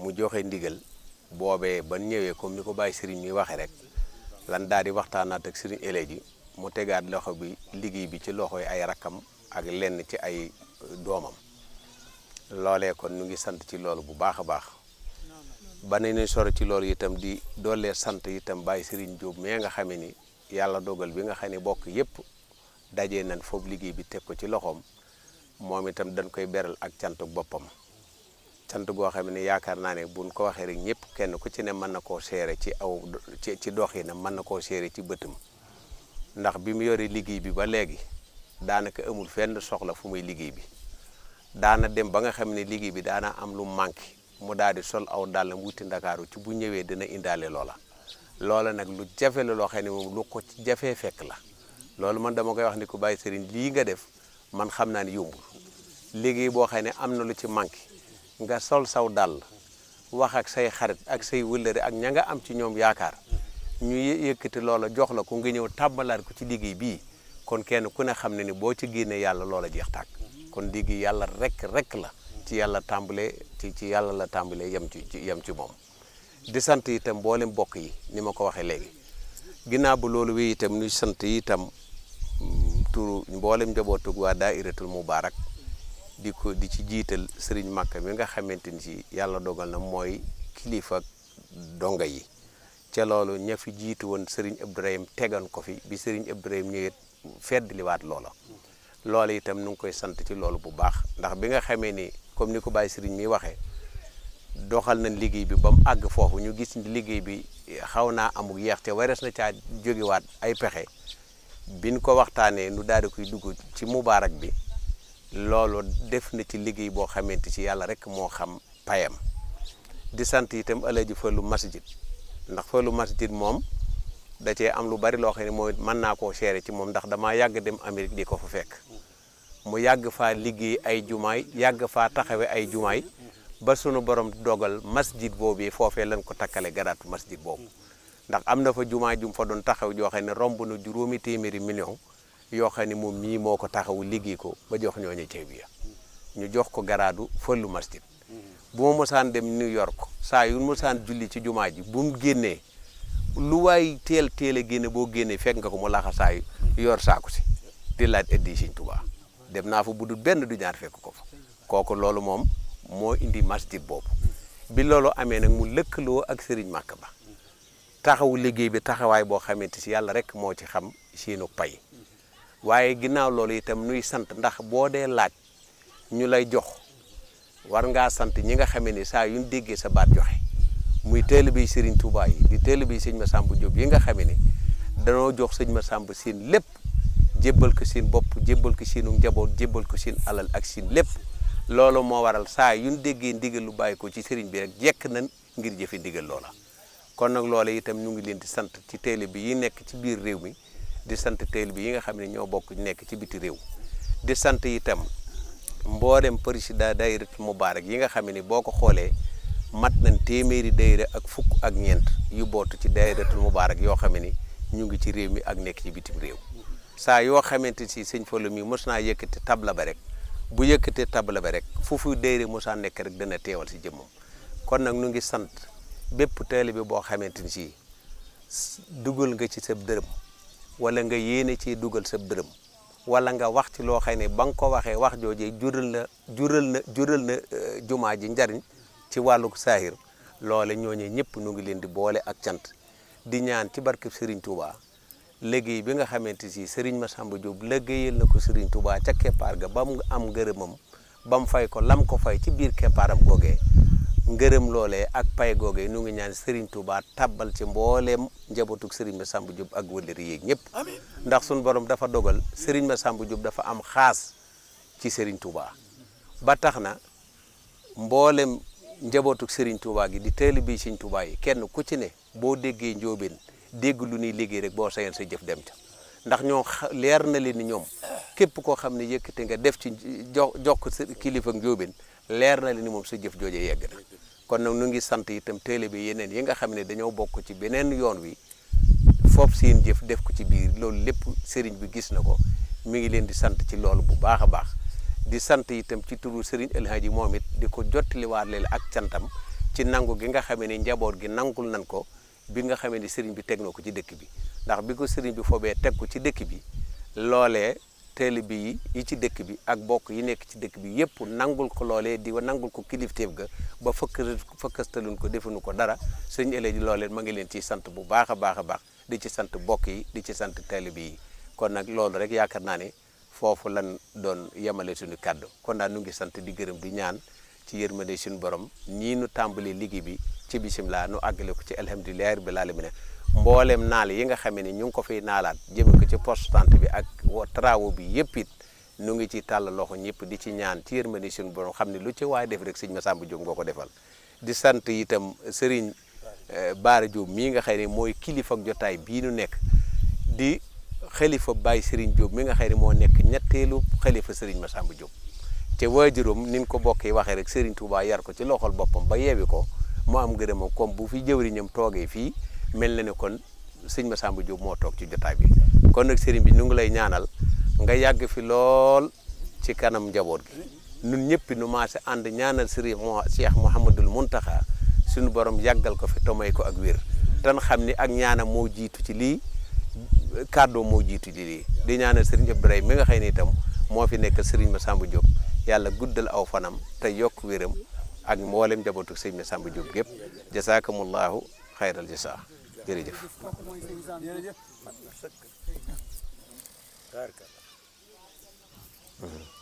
mu joxe ndigal boobee ban ñëwee comme ni ko bàyyi sëriñ mi waxee rek lan daal di waxtaanaat ak sëriñ El Hadji mu tegaat loxo bi liggéey bi ci loxo yi ay rakkam ak lenn ci ay doomam loolee kon ñu ngi sant ci loolu bu baax a baax ba nañu sore ci loolu itam di doolee sant itam bàyyi Serigne jóob mais nga xamee ni yàlla dogal bi nga xam ni bokk yépp daje nañ foofu liggéey bi teg ko ci loxoom moom itam dañ koy beral ak cantuk boppam cant goo xam ne yaakaar naa ne buñ ko waxee rek ñëpp kenn ku ci ne mën na koo seere ci aw ci ci dox yi na mën na koo seere ci bëtam ndax bi mu yore liggéey bi ba léegi daanaka amul fenn soxla fu muy liggéey bi daana dem ba nga xam ne liggéey bi daana am lu manqué mu daal di sol aw dàllam wuti ndakaaru ci bu ñëwee dina indaale loola loola nag lu jafe la loo xam ne lu ko ci jafee fekk la loolu man dama koy wax ni ko bàyyi sëriñ lii nga def man xam naa ne yombul liggéey boo xam ne am na lu ci manqué nga sol saw dàll wax ak say xarit ak say wëllëre ak ña nga am ci ñoom yaakaar ñu yëkkati loola jox la ko nga ñëw tàmbalaat ko ci liggéey bii kon kenn ku ne xam ne ni boo ci génnee yàlla loola jeex tàkk kon digg yàlla rek rek la ci yàlla tàmbalee ci ci yàlla la tàmbalee yem ci yem ci moom di sant itam mboole mbokk yi ni ma ko waxee léegi ginnaaw bu loolu wi itam ñu sant itam mm, turu mboolem njabootug waa daayiratul mubaarak di ko di ci jiital sëriñ Makka mi nga xamante ni ci yàlla dogal na mooy kilifa donga yi ca loolu ña fi jiitu woon sëriñ Ibrahim tegan ko fi bi sëriñ Ibrahim ñëwee fedd liwaat loola loolu itam nu ngi koy sant ci loolu bu baax ndax bi nga xamee ni comme ni ko Baye Serigne mi waxee doxal nañ liggéey bi ba mu àgg foofu ñu gis liggéey bi xaw naa amug yeex te warees na caa jógewaat ay pexe biñ ko waxtaanee nu daal di koy dugg ci mubaarak bi loolu def na ci liggéey boo xamante ci yàlla rek moo xam payam di sant itam alaji Fallou masjid ndax Fallou masjid moom da am lu bari loo xam ne mooy mën naa koo seere ci moom ndax damaa yàgg dem Amérique di ko fa fekk mu yàgg faa liggéey ay jumaay yàgg faa taxawe ay jumaay ba sunu borom dogal masjid boobu foofee lañ ko takkale garaatu masjid boobu ndax am na fa jumaa jum fa doon taxaw joo xam ne romb na juróomi téeméeri million yoo xam ne moom mii moo ko taxaw liggéey ko ba jox ñooñu ya ñu jox ko garaadu fëllu masjid bu ma mosaan dem New York saa yu mosaan julli ci jumaa ji bu mu génnee lu waay teel teel a génne boo génnee fekk nga ko mu laxa saa yor saako si di dem naa fa bu benn du ñaar fekk ko fa kooku loolu moom moo indi masjid boobu bi loolu amee nag mu lëkkaloo ak sëriñ Màkk ba taxawu liggéey bi taxawaay boo xamante si yàlla rek moo ci xam seenu pay waaye ginnaaw loolu itam nuy sant ndax boo dee laaj ñu lay jox war ngaa sant ñi nga xamee ni saa yu ñu déggee sa baat joxe muy taalibe sëriñ Touba yi di taalibe Sëñ Massamba Diop yi nga xamee ni danoo jox Sëñ Massamba seen lépp. jébbal ko seen bopp jébbal ko siinu njaboot jébbal ko seen alal ak seen lépp loolu moo waral saa yu ñu ndigal lu bàyyi ko ci sëriñ bi rek jekk nañ ngir jëfe ndigal loola kon nag loola itam ñu ngi leen di sant ci télé bi yi nekk ci biir réew mi di sant télé bi yi nga xam ne ñoo bokk nekk ci biti réew di sant itam mboolem président mu Mubaarak yi nga xam ni boo ko xoolee mat nañ téeméeri dayira ak fukk ak ñeent yu bootu ci dayiratul Mubaarak yoo xam ne ni ñu ngi ci réew mi ak nekk ci bitim réew saa yoo xamante si sëñ Fallu mi mos naa yëkkati tabla ba rek bu yëkkatee tabla ba rek foofu déere mosaa nekk rek dana teewal si jëmmam kon nag nu ngi sant bépp taalibe boo xamante ni si dugal nga ci sab dërëm wala nga yéene ci dugal sab dërëm wala nga wax ci loo xay ne ba nga ko waxee wax joojee jural na jural na jural na euh, jumaa ji njariñ ci wàllu saahir loole ñoo ñooñu ñëpp nu ngi leen di boole ak cant di ñaan ci barkeb Serigne Touba liggéey bi nga xamante si ma Massamba Diop liggéeyal na ko sëriñ Touba ca keppaar ga ba mu am ngërëmam ba mu fay ko lam ko fay ci biir keppaaram googee ngërëm loolee ak pay googee nu ngi ñaan sëriñ Touba tabbal ci mbooleem njabootug Serigne Massamba Diop ak wëllëri yéeg ñëpp ndax suñu borom dafa dogal Serigne Massamba Diop dafa am xaas ci sëriñ Touba ba tax na mboolem njabootug Serigne Touba gi di teel bi Serigne yi kenn ku ci ne boo déggee njóobeen dégg lu ñuy liggéey rek boo sañoon sa jëf dem ca ndax ñoo leer na leen ni ñoom képp koo xam ne yëkkate nga def ci jo jokk sa kilifa njóobeen leer na leen ni moom sa jëf jooje yegg na kon nag nu ngi sant itam téele bi yeneen yi nga xam ne dañoo bokk ci beneen yoon wi foofu seen jëf def ko ci biir loolu lépp sëriñ bi gis na ko mu ngi leen di sant ci loolu bu baax a baax di sant itam ci turu sëriñ Alhaaji moom it di ko jottaliwaat leen ak cantam ci nangu gi nga xam ne njaboot gi nangul nan ko bi nga xamee ni sëriñ bi teg na ko ci dëkk bi ndax bi ko sëriñ bi foobee teg ko ci dëkk bi loolee taalibe yi yi ci dëkk bi ak bokk yi nekk ci dëkk bi yëpp nangul ko loolee di nangul ko kilifteef ga ba fëkk fëkkastaluñ ko defuñu ko dara sëriñ Elhadji loolee ma ngi leen ci sant bu baax a baax a baax di ci sant bokk yi di ci sant taalibe yi kon nag loolu rek yaakaar naa ne foofu lan doon yemale suñu kàddu kon daal nu ngi sant di gërëm bi ñaan ci yërmande suñu borom ñii nu tàmbali liggéey bi ci bisimilah nu àggale ko ci alhamdulilah rabbil alamin mboolem naal yi nga xamee ne ñu ngi ko fiy naalaat jëme ko ci poste santé bi ak travaux bi yëpp it nu ngi ci tàll loxo ñëpp di ci ñaan ci yërmande suñu borom xam ne lu ci waaye def rek sëñ Massamba Diop nga ko defal di sant itam sëriñ eh, Baara Diop mii nga xëy ne mooy kilifa ak jotaay bii nu nekk di xalifa Baye Serigne Diop mi nga xëy ne moo nekk ñetteelu xalifa Serigne Massamba Diop te waajuram ni ko bokkee waxee rek Serigne Touba yar ko ci loxol boppam ba yeewi ko moo am ngërëmam comme bu fi jëwriñam toogee fii mel na ne kon sëñ Massamba Diop moo toog ci jotaa bi kon nag sëriñ bi nu ngi lay ñaanal nga yàgg fi lool ci kanam njaboot gi nun ñëpp nu maase ànd ñaanal sëriñ Cheikh Mouhamadul Mountakha suñu borom yàggal ko fi tomay ko ak wér tan xam ni ak ñaanam moo jiitu ci lii kàddoo moo jiitu ci lii di ñaanal sëriñ Ibrahima mi nga xëy ni itam moo fi nekk sëriñ Massamba Diop yàlla guddal aw fanam te yokk wéram ak mboolem njabootu sëñ Massamba Diop gépp jasaakumullahu xayral jasaa jërëjëf jërëjëf